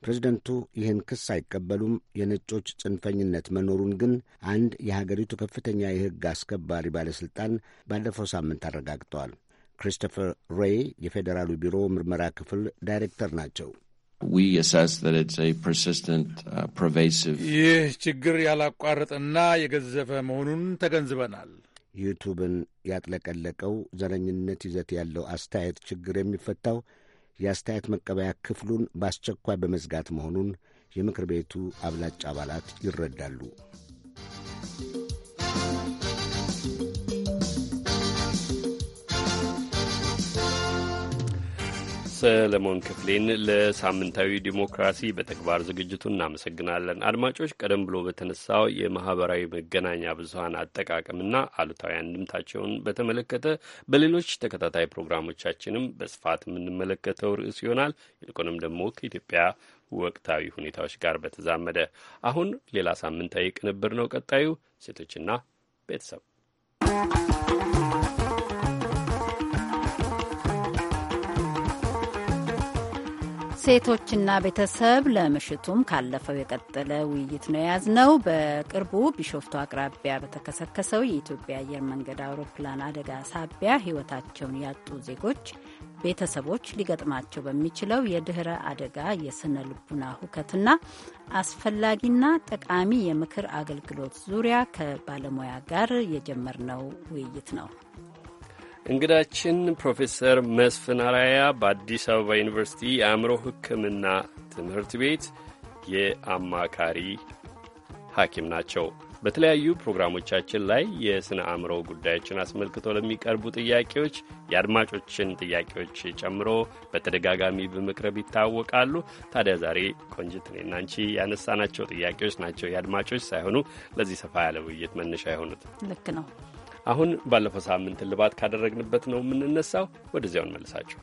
ፕሬዚደንቱ ይህን ክስ አይቀበሉም። የነጮች ጽንፈኝነት መኖሩን ግን አንድ የሀገሪቱ ከፍተኛ የሕግ አስከባሪ ባለሥልጣን ባለፈው ሳምንት አረጋግጠዋል። ክሪስቶፈር ሬይ የፌዴራሉ ቢሮ ምርመራ ክፍል ዳይሬክተር ናቸው። Uh, ይህ ችግር ያላቋረጠና የገዘፈ መሆኑን ተገንዝበናል። ዩቱብን ያጥለቀለቀው ዘረኝነት ይዘት ያለው አስተያየት ችግር የሚፈታው የአስተያየት መቀበያ ክፍሉን በአስቸኳይ በመዝጋት መሆኑን የምክር ቤቱ አብላጭ አባላት ይረዳሉ። ሰለሞን ክፍሌን ለሳምንታዊ ዲሞክራሲ በተግባር ዝግጅቱ እናመሰግናለን። አድማጮች፣ ቀደም ብሎ በተነሳው የማህበራዊ መገናኛ ብዙሀን አጠቃቀምና አሉታዊ አንድምታቸውን በተመለከተ በሌሎች ተከታታይ ፕሮግራሞቻችንም በስፋት የምንመለከተው ርዕስ ይሆናል። ይልቁንም ደግሞ ከኢትዮጵያ ወቅታዊ ሁኔታዎች ጋር በተዛመደ አሁን ሌላ ሳምንታዊ ቅንብር ነው። ቀጣዩ ሴቶችና ቤተሰብ ሴቶችና ቤተሰብ ለምሽቱም ካለፈው የቀጠለ ውይይት ነው የያዝነው። በቅርቡ ቢሾፍቱ አቅራቢያ በተከሰከሰው የኢትዮጵያ አየር መንገድ አውሮፕላን አደጋ ሳቢያ ሕይወታቸውን ያጡ ዜጎች ቤተሰቦች ሊገጥማቸው በሚችለው የድህረ አደጋ የስነ ልቡና ሁከትና አስፈላጊና ጠቃሚ የምክር አገልግሎት ዙሪያ ከባለሙያ ጋር የጀመርነው ውይይት ነው። እንግዳችን ፕሮፌሰር መስፍን አራያ በአዲስ አበባ ዩኒቨርሲቲ የአእምሮ ሕክምና ትምህርት ቤት የአማካሪ ሐኪም ናቸው። በተለያዩ ፕሮግራሞቻችን ላይ የሥነ አእምሮ ጉዳዮችን አስመልክቶ ለሚቀርቡ ጥያቄዎች የአድማጮችን ጥያቄዎች ጨምሮ በተደጋጋሚ በመቅረብ ይታወቃሉ። ታዲያ ዛሬ ቆንጅት፣ እኔና ያነሳናቸው ጥያቄዎች ናቸው የአድማጮች ሳይሆኑ ለዚህ ሰፋ ያለ ውይይት መነሻ የሆኑት። ልክ ነው። አሁን ባለፈው ሳምንት እልባት ካደረግንበት ነው የምንነሳው። ወደዚያው እንመልሳችሁ።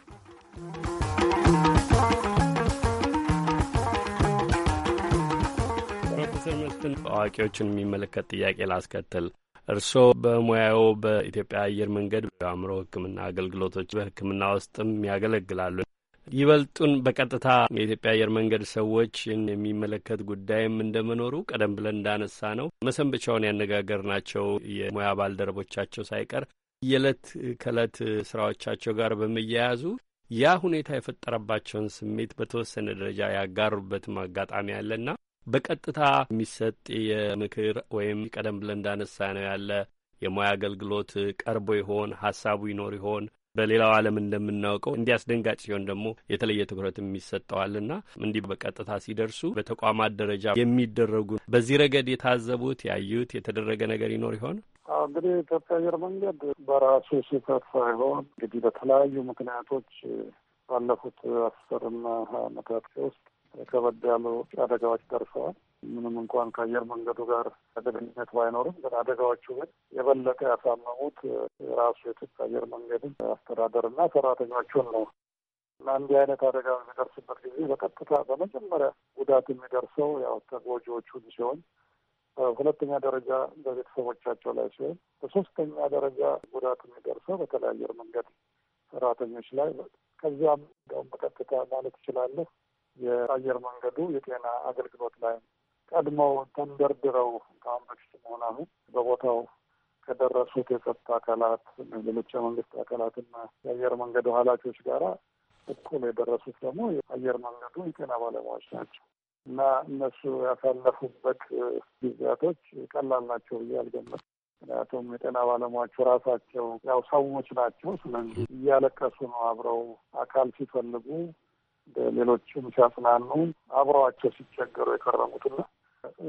ፕሮፌሰር መስፍን አዋቂዎችን የሚመለከት ጥያቄ ላስከትል። እርስዎ በሙያው በኢትዮጵያ አየር መንገድ በአእምሮ ሕክምና አገልግሎቶች በሕክምና ውስጥም ያገለግላሉ። ይበልጡን በቀጥታ የኢትዮጵያ አየር መንገድ ሰዎችን የሚመለከት ጉዳይም እንደመኖሩ ቀደም ብለን እንዳነሳ ነው መሰንበቻውን ያነጋገር ናቸው የሙያ ባልደረቦቻቸው ሳይቀር የዕለት ከዕለት ስራዎቻቸው ጋር በመያያዙ ያ ሁኔታ የፈጠረባቸውን ስሜት በተወሰነ ደረጃ ያጋሩበትም አጋጣሚ አለና በቀጥታ የሚሰጥ የምክር ወይም ቀደም ብለን እንዳነሳ ነው ያለ የሙያ አገልግሎት ቀርቦ ይሆን ሀሳቡ ይኖር ይሆን በሌላው ዓለም እንደምናውቀው እንዲያስደንጋጭ ሲሆን ደግሞ የተለየ ትኩረት ይሰጠዋልና እንዲህ በቀጥታ ሲደርሱ በተቋማት ደረጃ የሚደረጉ በዚህ ረገድ የታዘቡት ያዩት የተደረገ ነገር ይኖር ይሆን? እንግዲህ የኢትዮጵያ አየር መንገድ በራሱ ስህተት ሳይሆን እንግዲህ በተለያዩ ምክንያቶች ባለፉት አስርና ሀያ ዓመታት ውስጥ ከበድ ያሉ አደጋዎች ደርሰዋል። ምንም እንኳን ከአየር መንገዱ ጋር ተገኝነት ባይኖርም ግን አደጋዎቹ ግን የበለጠ ያሳመሙት የራሱ የኢትዮጵያ አየር መንገድን አስተዳደርና ሰራተኞቹን ነው እና እንዲህ አይነት አደጋ የሚደርስበት ጊዜ በቀጥታ በመጀመሪያ ጉዳት የሚደርሰው ያው ተጎጂዎቹን ሲሆን በሁለተኛ ደረጃ በቤተሰቦቻቸው ላይ ሲሆን፣ በሶስተኛ ደረጃ ጉዳት የሚደርሰው በተለይ አየር መንገድ ሰራተኞች ላይ ከዚያም እንደውም በቀጥታ ማለት ይችላለሁ የአየር መንገዱ የጤና አገልግሎት ላይ ቀድመው ተንደርድረው ከአሁን በፊት መሆን አሁን በቦታው ከደረሱት የጸጥታ አካላት፣ ሌሎች የመንግስት አካላትና የአየር መንገዱ ኃላፊዎች ጋራ እኩል የደረሱት ደግሞ የአየር መንገዱ የጤና ባለሙያዎች ናቸው እና እነሱ ያሳለፉበት ጊዜያቶች ቀላል ናቸው ብዬ አልገመትም። ምክንያቱም የጤና ባለሙያዎቹ ራሳቸው ያው ሰዎች ናቸው። ስለዚህ እያለቀሱ ነው አብረው አካል ሲፈልጉ ሌሎችም ሲያጽናኑ አብረዋቸው ሲቸገሩ የከረሙትና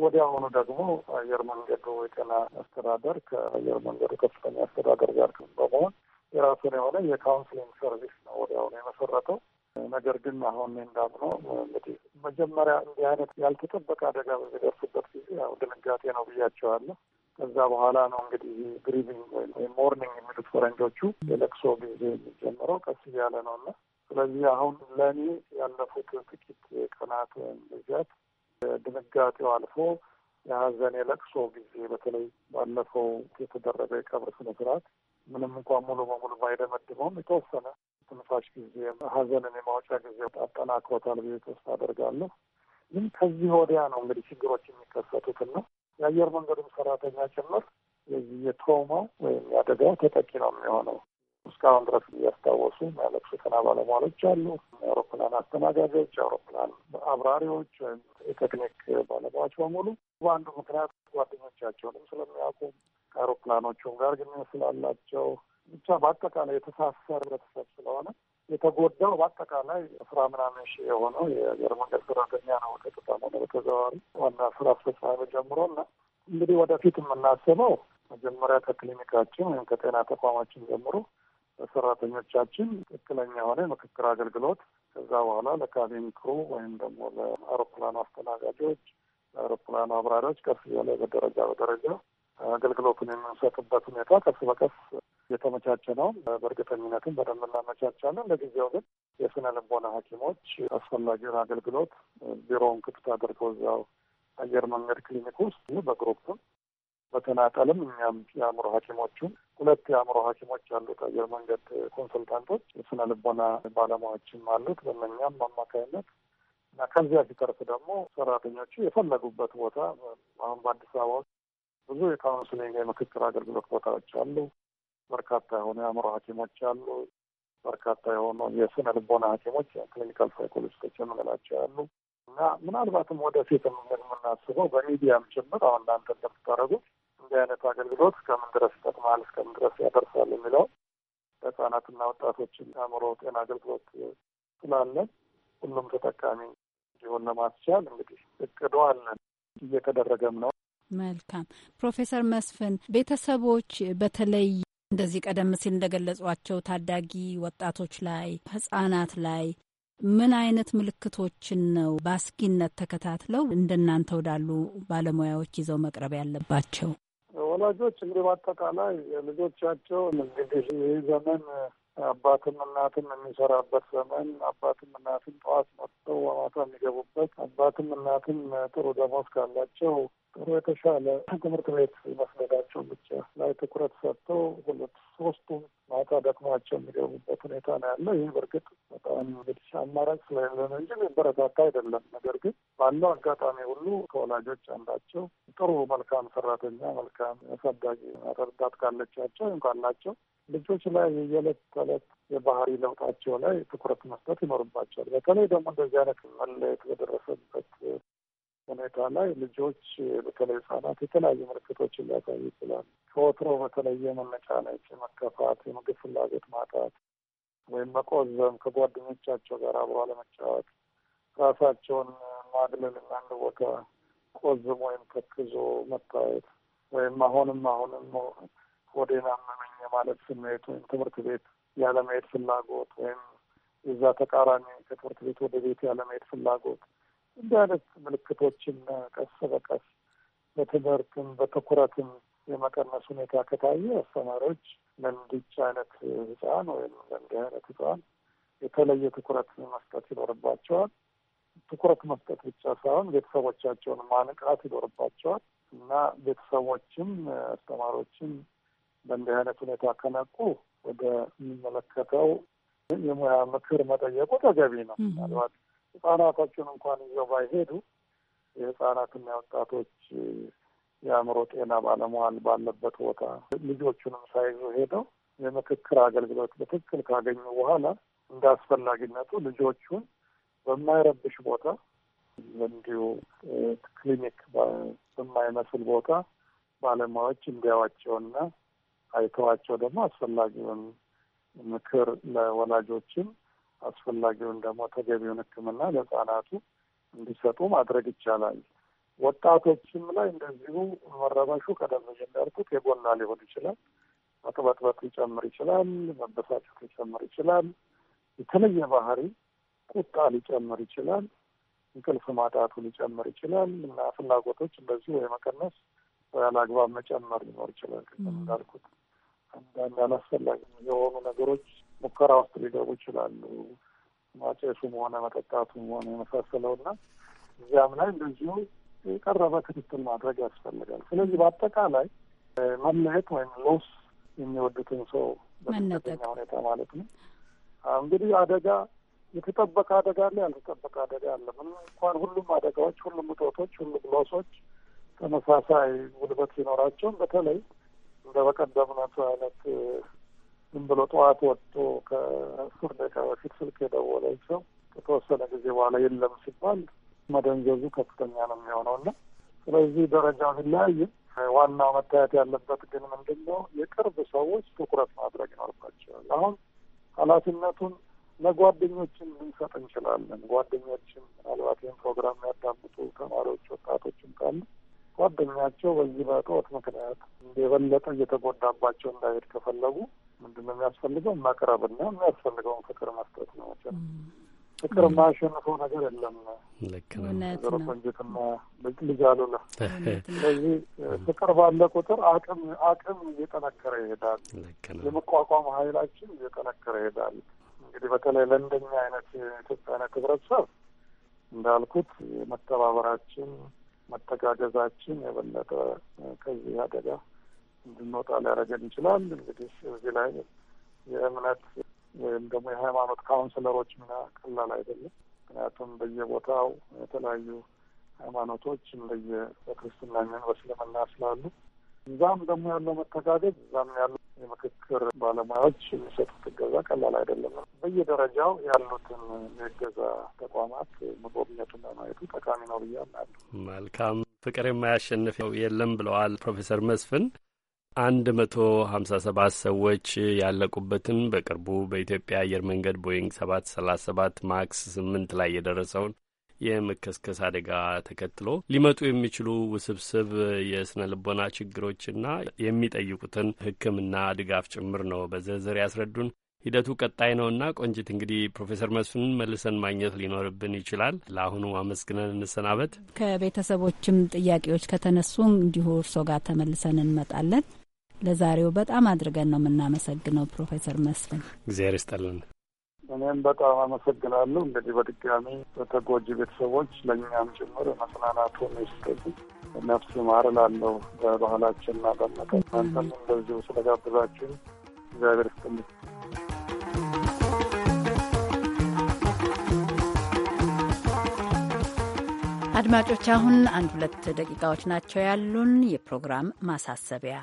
ወዲያውኑ ደግሞ አየር መንገዱ የጤና አስተዳደር ከአየር መንገዱ ከፍተኛ አስተዳደር ጋር በመሆን የራሱን የሆነ የካውንስሊንግ ሰርቪስ ነው ወዲያውኑ የመሰረተው። ነገር ግን አሁን እንዳምኖ እንግዲህ መጀመሪያ እንዲህ አይነት ያልተጠበቀ አደጋ በሚደርስበት ጊዜ ያው ድንጋጤ ነው ብያቸዋለሁ። ከዛ በኋላ ነው እንግዲህ ግሪቪንግ ወይም ሞርኒንግ የሚሉት ፈረንጆቹ የለቅሶ ጊዜ የሚጀምረው ቀስ እያለ ነው እና ስለዚህ አሁን ለእኔ ያለፉት ጥቂት ቀናት ወይም ጊዜያት ድንጋጤው አልፎ የሀዘን የለቅሶ ጊዜ በተለይ ባለፈው የተደረገ የቀብር ስነ ስርዓት ምንም እንኳን ሙሉ በሙሉ ባይደመድመውም የተወሰነ ትንፋሽ ጊዜ ሀዘንን የማውጫ ጊዜ አጠናክሮታል ብዬ ተስፋ አደርጋለሁ። ግን ከዚህ ወዲያ ነው እንግዲህ ችግሮች የሚከሰቱትና የአየር መንገዱም ሰራተኛ ጭምር የዚህ የትራውማው ወይም የአደጋው ተጠቂ ነው የሚሆነው። እስካሁን ድረስ እያስታወሱ የሚያለቅሱ ጤና ባለሟሎች አሉ። የአውሮፕላን አስተናጋጆች፣ የአውሮፕላን አብራሪዎች የቴክኒክ ባለሙያዎች በሙሉ በአንዱ ምክንያት ጓደኞቻቸውንም ስለሚያውቁ ከአውሮፕላኖቹም ጋር ግንኙነት ስላላቸው ብቻ በአጠቃላይ የተሳሰረ ህብረተሰብ ስለሆነ የተጎዳው በአጠቃላይ ስራ ምናምን ሺህ የሆነው የአየር መንገድ ሰራተኛ ነው። ቀጥታ ሆነ በተዘዋዋሪ ዋና ስራ አስፈጻሚ ጀምሮ እና እንግዲህ ወደፊት የምናስበው መጀመሪያ ከክሊኒካችን ወይም ከጤና ተቋማችን ጀምሮ ሰራተኞቻችን ትክክለኛ የሆነ የምክክር አገልግሎት ከዛ በኋላ ለካቢን ክሩ ወይም ደግሞ ለአውሮፕላን አስተናጋጆች፣ ለአውሮፕላን አብራሪዎች ቀስ እያለ በደረጃ በደረጃ አገልግሎቱን የምንሰጥበት ሁኔታ ቀስ በቀስ የተመቻቸ ነው። በእርግጠኝነትም በደንብ እናመቻቻለን። ለጊዜው ግን የስነ ልቦና ሐኪሞች አስፈላጊውን አገልግሎት ቢሮውን ክፍት አድርገው እዚያው አየር መንገድ ክሊኒክ ውስጥ በግሩፕም በተናጠልም እኛም የአእምሮ ሐኪሞቹን ሁለት የአእምሮ ሐኪሞች ያሉት አየር መንገድ ኮንሰልታንቶች የስነ ልቦና ባለሙያዎችም አሉት በመኛም አማካይነት እና ከዚያ ሲተርፍ ደግሞ ሰራተኞቹ የፈለጉበት ቦታ አሁን በአዲስ አበባ ውስጥ ብዙ የካውንስሊንግ የምክክር አገልግሎት ቦታዎች አሉ። በርካታ የሆኑ የአእምሮ ሐኪሞች አሉ። በርካታ የሆኑ የስነ ልቦና ሐኪሞች ክሊኒካል ሳይኮሎጂስቶች የምንላቸው አሉ እና ምናልባትም ወደፊት የምናስበው በሚዲያም ጭምር አሁን እናንተ እንደምታደርጉት እንዲህ አይነቱ አገልግሎት እስከምን ድረስ ይጠቅማል፣ እስከምን ድረስ ያደርሳል የሚለው ህጻናትና ወጣቶችን አእምሮ ጤና አገልግሎት ስላለ ሁሉም ተጠቃሚ እንዲሆን ለማስቻል እንግዲህ እቅዱ አለን እየተደረገም ነው። መልካም ፕሮፌሰር መስፍን ቤተሰቦች በተለይ እንደዚህ ቀደም ሲል እንደገለጿቸው ታዳጊ ወጣቶች ላይ ህጻናት ላይ ምን አይነት ምልክቶችን ነው በአስጊነት ተከታትለው እንደናንተ ወዳሉ ባለሙያዎች ይዘው መቅረብ ያለባቸው? ወላጆች እንግዲህ በአጠቃላይ ልጆቻቸው እንግዲህ ይህ ዘመን አባትም እናትም የሚሰራበት ዘመን፣ አባትም እናትም ጠዋት መጥተው በማታ የሚገቡበት፣ አባትም እናትም ጥሩ ደሞዝ ካላቸው ጥሩ የተሻለ ትምህርት ቤት መስለዳቸው ብቻ ላይ ትኩረት ሰጥተው ሁለት ሶስቱም ማታ ደክሟቸው የሚገቡበት ሁኔታ ነው ያለ። ይህ በእርግጥ በጣም እንግዲህ አማራጭ ስለሌለ ነው እንጂ የሚበረታታ አይደለም። ነገር ግን ባለው አጋጣሚ ሁሉ ከወላጆች አንዳቸው ጥሩ መልካም ሰራተኛ፣ መልካም አሳዳጊ ረዳት ካለቻቸው ወይም ካላቸው ልጆች ላይ የየዕለት ተዕለት የባህሪ ለውጣቸው ላይ ትኩረት መስጠት ይኖርባቸዋል። በተለይ ደግሞ እንደዚህ አይነት መለየት በደረሰበት ሁኔታ ላይ ልጆች በተለይ ህጻናት የተለያዩ ምልክቶችን ሊያሳዩ ይችላል። ከወትሮ በተለየ መነጫነጭ፣ መከፋት፣ የምግብ ፍላጎት ማጣት ወይም መቆዘም፣ ከጓደኞቻቸው ጋር አብሮ አለመጫወት፣ ራሳቸውን አንድ ቦታ ቆዝም ወይም ተክዞ መታየት ወይም አሁንም አሁንም ወዴን አመመኝ ማለት ስሜት ወይም ትምህርት ቤት ያለመሄድ ፍላጎት ወይም እዛ ተቃራኒ ከትምህርት ቤት ወደ ቤት ያለመሄድ ፍላጎት እንዲህ አይነት ምልክቶችን ቀስ በቀስ በትምህርትም በትኩረትም የመቀነስ ሁኔታ ከታየ አስተማሪዎች ለእንዲህ አይነት ህፃን ወይም ለእንዲህ አይነት ህፃን የተለየ ትኩረት መስጠት ይኖርባቸዋል። ትኩረት መስጠት ብቻ ሳይሆን ቤተሰቦቻቸውን ማንቃት ይኖርባቸዋል እና ቤተሰቦችም አስተማሪዎችም በእንዲህ አይነት ሁኔታ ከነቁ ወደ የሚመለከተው የሙያ ምክር መጠየቁ ተገቢ ነው። ምናልባት ህጻናቶችን እንኳን ይዘው ባይሄዱ የህጻናትና የወጣቶች የአእምሮ ጤና ባለመዋል ባለበት ቦታ ልጆቹንም ሳይዙ ሄደው የምክክር አገልግሎት በትክክል ካገኙ በኋላ እንደ አስፈላጊነቱ ልጆቹን በማይረብሽ ቦታ እንዲሁ ክሊኒክ በማይመስል ቦታ ባለሙያዎች እንዲያዋቸውና አይተዋቸው ደግሞ አስፈላጊውን ምክር ለወላጆችም አስፈላጊውን ደግሞ ተገቢውን ሕክምና ለህጻናቱ እንዲሰጡ ማድረግ ይቻላል። ወጣቶችም ላይ እንደዚሁ መረበሹ ቀደም እንዳልኩት የጎላ ሊሆን ይችላል። መጥበጥበጥ ሊጨምር ይችላል። መበሳጨት ሊጨምር ይችላል። የተለየ ባህሪ ቁጣ ሊጨምር ይችላል። እንቅልፍ ማጣቱ ሊጨምር ይችላል እና ፍላጎቶች እንደዚሁ ወይ መቀነስ ወይ አላግባብ መጨመር ሊኖር ይችላል። እንዳልኩት አንዳንድ አላስፈላጊ የሆኑ ነገሮች ሙከራ ውስጥ ሊገቡ ይችላሉ። ማጨሱም ሆነ መጠጣቱም ሆነ የመሳሰለው እና እዚያም ላይ እንደዚሁ የቀረበ ክትትል ማድረግ ያስፈልጋል። ስለዚህ በአጠቃላይ መለየት ወይም ሎስ የሚወዱትን ሰው በከፍተኛ ሁኔታ ማለት ነው እንግዲህ አደጋ የተጠበቀ አደጋ አለ፣ ያልተጠበቀ አደጋ አለ። ምንም እንኳን ሁሉም አደጋዎች፣ ሁሉም እጦቶች፣ ሁሉም ሎሶች ተመሳሳይ ጉልበት ሲኖራቸውም በተለይ እንደ በቀደምነቱ አይነት ዝም ብሎ ጠዋት ወጥቶ ከአስር ደቂቃ በፊት ስልክ የደወለ ሰው ከተወሰነ ጊዜ በኋላ የለም ሲባል መደንዘዙ ከፍተኛ ነው የሚሆነው እና ስለዚህ ደረጃ ቢለያይም ዋናው መታየት ያለበት ግን ምንድን ነው የቅርብ ሰዎች ትኩረት ማድረግ ይኖርባቸዋል። አሁን ኃላፊነቱን ለጓደኞችም ልንሰጥ እንችላለን። ጓደኞችም ምናልባት ይህን ፕሮግራም የሚያዳምጡ ተማሪዎች፣ ወጣቶችም ካሉ ጓደኛቸው በዚህ በእጦት ምክንያት የበለጠ እየተጎዳባቸው እንዳይሄድ ከፈለጉ ምንድን ነው የሚያስፈልገው? መቅረብና የሚያስፈልገውን ፍቅር መስጠት ነው። ፍቅር ማሸንፈው ነገር የለም። ዘሮ ቆንጅትና ልጅ ልጅ ስለዚህ ፍቅር ባለ ቁጥር አቅም አቅም እየጠነከረ ይሄዳል። የመቋቋም ኃይላችን እየጠነከረ ይሄዳል። እንግዲህ በተለይ ለእንደኛ አይነት ኢትዮጵያ አይነት ህብረተሰብ እንዳልኩት መተባበራችን፣ መተጋገዛችን የበለጠ ከዚህ አደጋ እንድንወጣ ሊያደርገን ይችላል። እንግዲህ እዚህ ላይ የእምነት ወይም ደግሞ የሃይማኖት ካውንስለሮች ምና ቀላል አይደለም። ምክንያቱም በየቦታው የተለያዩ ሃይማኖቶች እንደየ በክርስትና የሚሆን በእስልምና ስላሉ እዛም ደግሞ ያለው መተጋገዝ እዛም ያለው የምክክር ባለሙያዎች የሚሰጡት እገዛ ቀላል አይደለም። በየደረጃው ያሉትን የእገዛ ተቋማት መጎብኘቱ ለማየቱ ጠቃሚ ነው ብዬ አምናለሁ። መልካም ፍቅር የማያሸንፈው የለም ብለዋል ፕሮፌሰር መስፍን። አንድ መቶ ሀምሳ ሰባት ሰዎች ያለቁበትን በቅርቡ በኢትዮጵያ አየር መንገድ ቦይንግ ሰባት ሰላሳ ሰባት ማክስ ስምንት ላይ የደረሰውን የመከስከስ አደጋ ተከትሎ ሊመጡ የሚችሉ ውስብስብ የስነ ልቦና ችግሮችና የሚጠይቁትን ሕክምና ድጋፍ ጭምር ነው በዝርዝር ያስረዱን። ሂደቱ ቀጣይ ነውና ቆንጅት እንግዲህ ፕሮፌሰር መስፍን መልሰን ማግኘት ሊኖርብን ይችላል። ለአሁኑ አመስግነን እንሰናበት። ከቤተሰቦችም ጥያቄዎች ከተነሱ እንዲሁ እርሶ ጋር ተመልሰን እንመጣለን። ለዛሬው በጣም አድርገን ነው የምናመሰግነው ፕሮፌሰር መስፍን፣ እግዚአብሔር ይስጠልን። እኔም በጣም አመሰግናለሁ። እንግዲህ በድጋሚ በተጎጂ ቤተሰቦች ለእኛም ጭምር የመጽናናቱ ሚስጥ ነፍስ ይማር እላለሁ። በባህላችንና በመቀ አንተም እንደዚሁ ስለጋብዛችሁ እግዚአብሔር ይስጥልኝ። አድማጮች አሁን አንድ ሁለት ደቂቃዎች ናቸው ያሉን። የፕሮግራም ማሳሰቢያ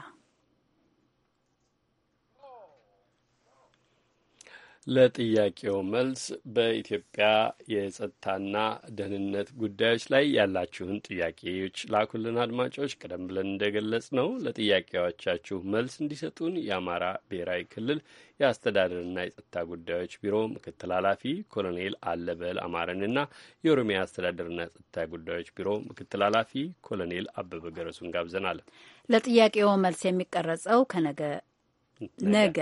ለጥያቄው መልስ በኢትዮጵያ የጸጥታና ደህንነት ጉዳዮች ላይ ያላችሁን ጥያቄዎች ላኩልን አድማጮች። ቀደም ብለን እንደገለጽ ነው ለጥያቄዎቻችሁ መልስ እንዲሰጡን የአማራ ብሔራዊ ክልል የአስተዳደርና የጸጥታ ጉዳዮች ቢሮ ምክትል ኃላፊ ኮሎኔል አለበል አማረንና የኦሮሚያ አስተዳደርና የጸጥታ ጉዳዮች ቢሮ ምክትል ኃላፊ ኮሎኔል አበበ ገረሱን ጋብዘናል። ለጥያቄው መልስ የሚቀረጸው ከነገ ነገ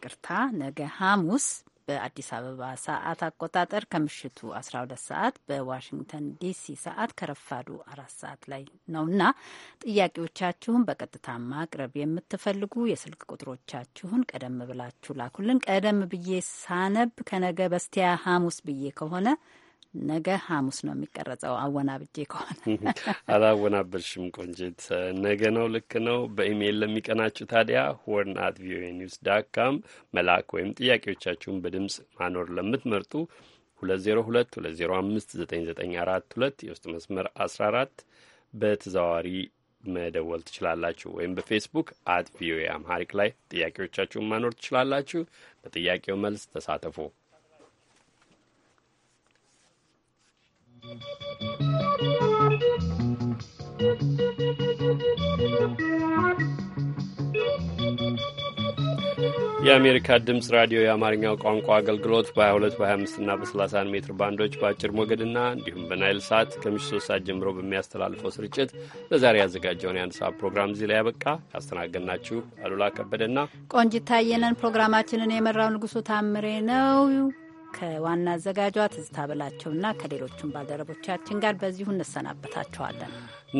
ይቅርታ፣ ነገ ሐሙስ በአዲስ አበባ ሰዓት አቆጣጠር ከምሽቱ 12 ሰዓት በዋሽንግተን ዲሲ ሰዓት ከረፋዱ አራት ሰዓት ላይ ነውና ጥያቄዎቻችሁን በቀጥታ ማቅረብ የምትፈልጉ የስልክ ቁጥሮቻችሁን ቀደም ብላችሁ ላኩልን። ቀደም ብዬ ሳነብ ከነገ በስቲያ ሐሙስ ብዬ ከሆነ ነገ ሐሙስ ነው የሚቀረጸው። አወናብጄ ከሆነ አላወናበልሽም ቆንጅት። ነገ ነው፣ ልክ ነው። በኢሜይል ለሚቀናችሁ ታዲያ ሆርን አት ቪኦኤ ኒውስ ዳት ካም መላክ ወይም ጥያቄዎቻችሁን በድምፅ ማኖር ለምትመርጡ 2022059942 የውስጥ መስመር 14 በተዘዋዋሪ መደወል ትችላላችሁ። ወይም በፌስቡክ አት ቪኦኤ አምሃሪክ ላይ ጥያቄዎቻችሁን ማኖር ትችላላችሁ። በጥያቄው መልስ ተሳተፉ። የአሜሪካ ድምፅ ራዲዮ የአማርኛው ቋንቋ አገልግሎት በ22 በ25 እና በ31 ሜትር ባንዶች በአጭር ሞገድና እንዲሁም በናይል ሰዓት ከምሽቱ ሶስት ሰዓት ጀምሮ በሚያስተላልፈው ስርጭት ለዛሬ ያዘጋጀውን የአንድ ሰዓት ፕሮግራም እዚህ ላይ ያበቃ። ያስተናገድናችሁ አሉላ ከበደና ቆንጂት ታየነን። ፕሮግራማችንን የመራው ንጉሱ ታምሬ ነው። ከዋና አዘጋጇ ትዝታ በላቸውና ከሌሎቹም ባልደረቦቻችን ጋር በዚሁ እንሰናበታችኋለን።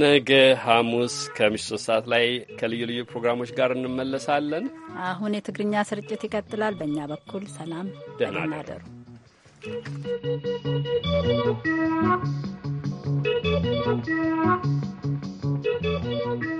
ነገ ሐሙስ ከምሽቱ ሶስት ሰዓት ላይ ከልዩ ልዩ ፕሮግራሞች ጋር እንመለሳለን። አሁን የትግርኛ ስርጭት ይቀጥላል። በእኛ በኩል ሰላም፣ ደህና ደሩ። Thank you.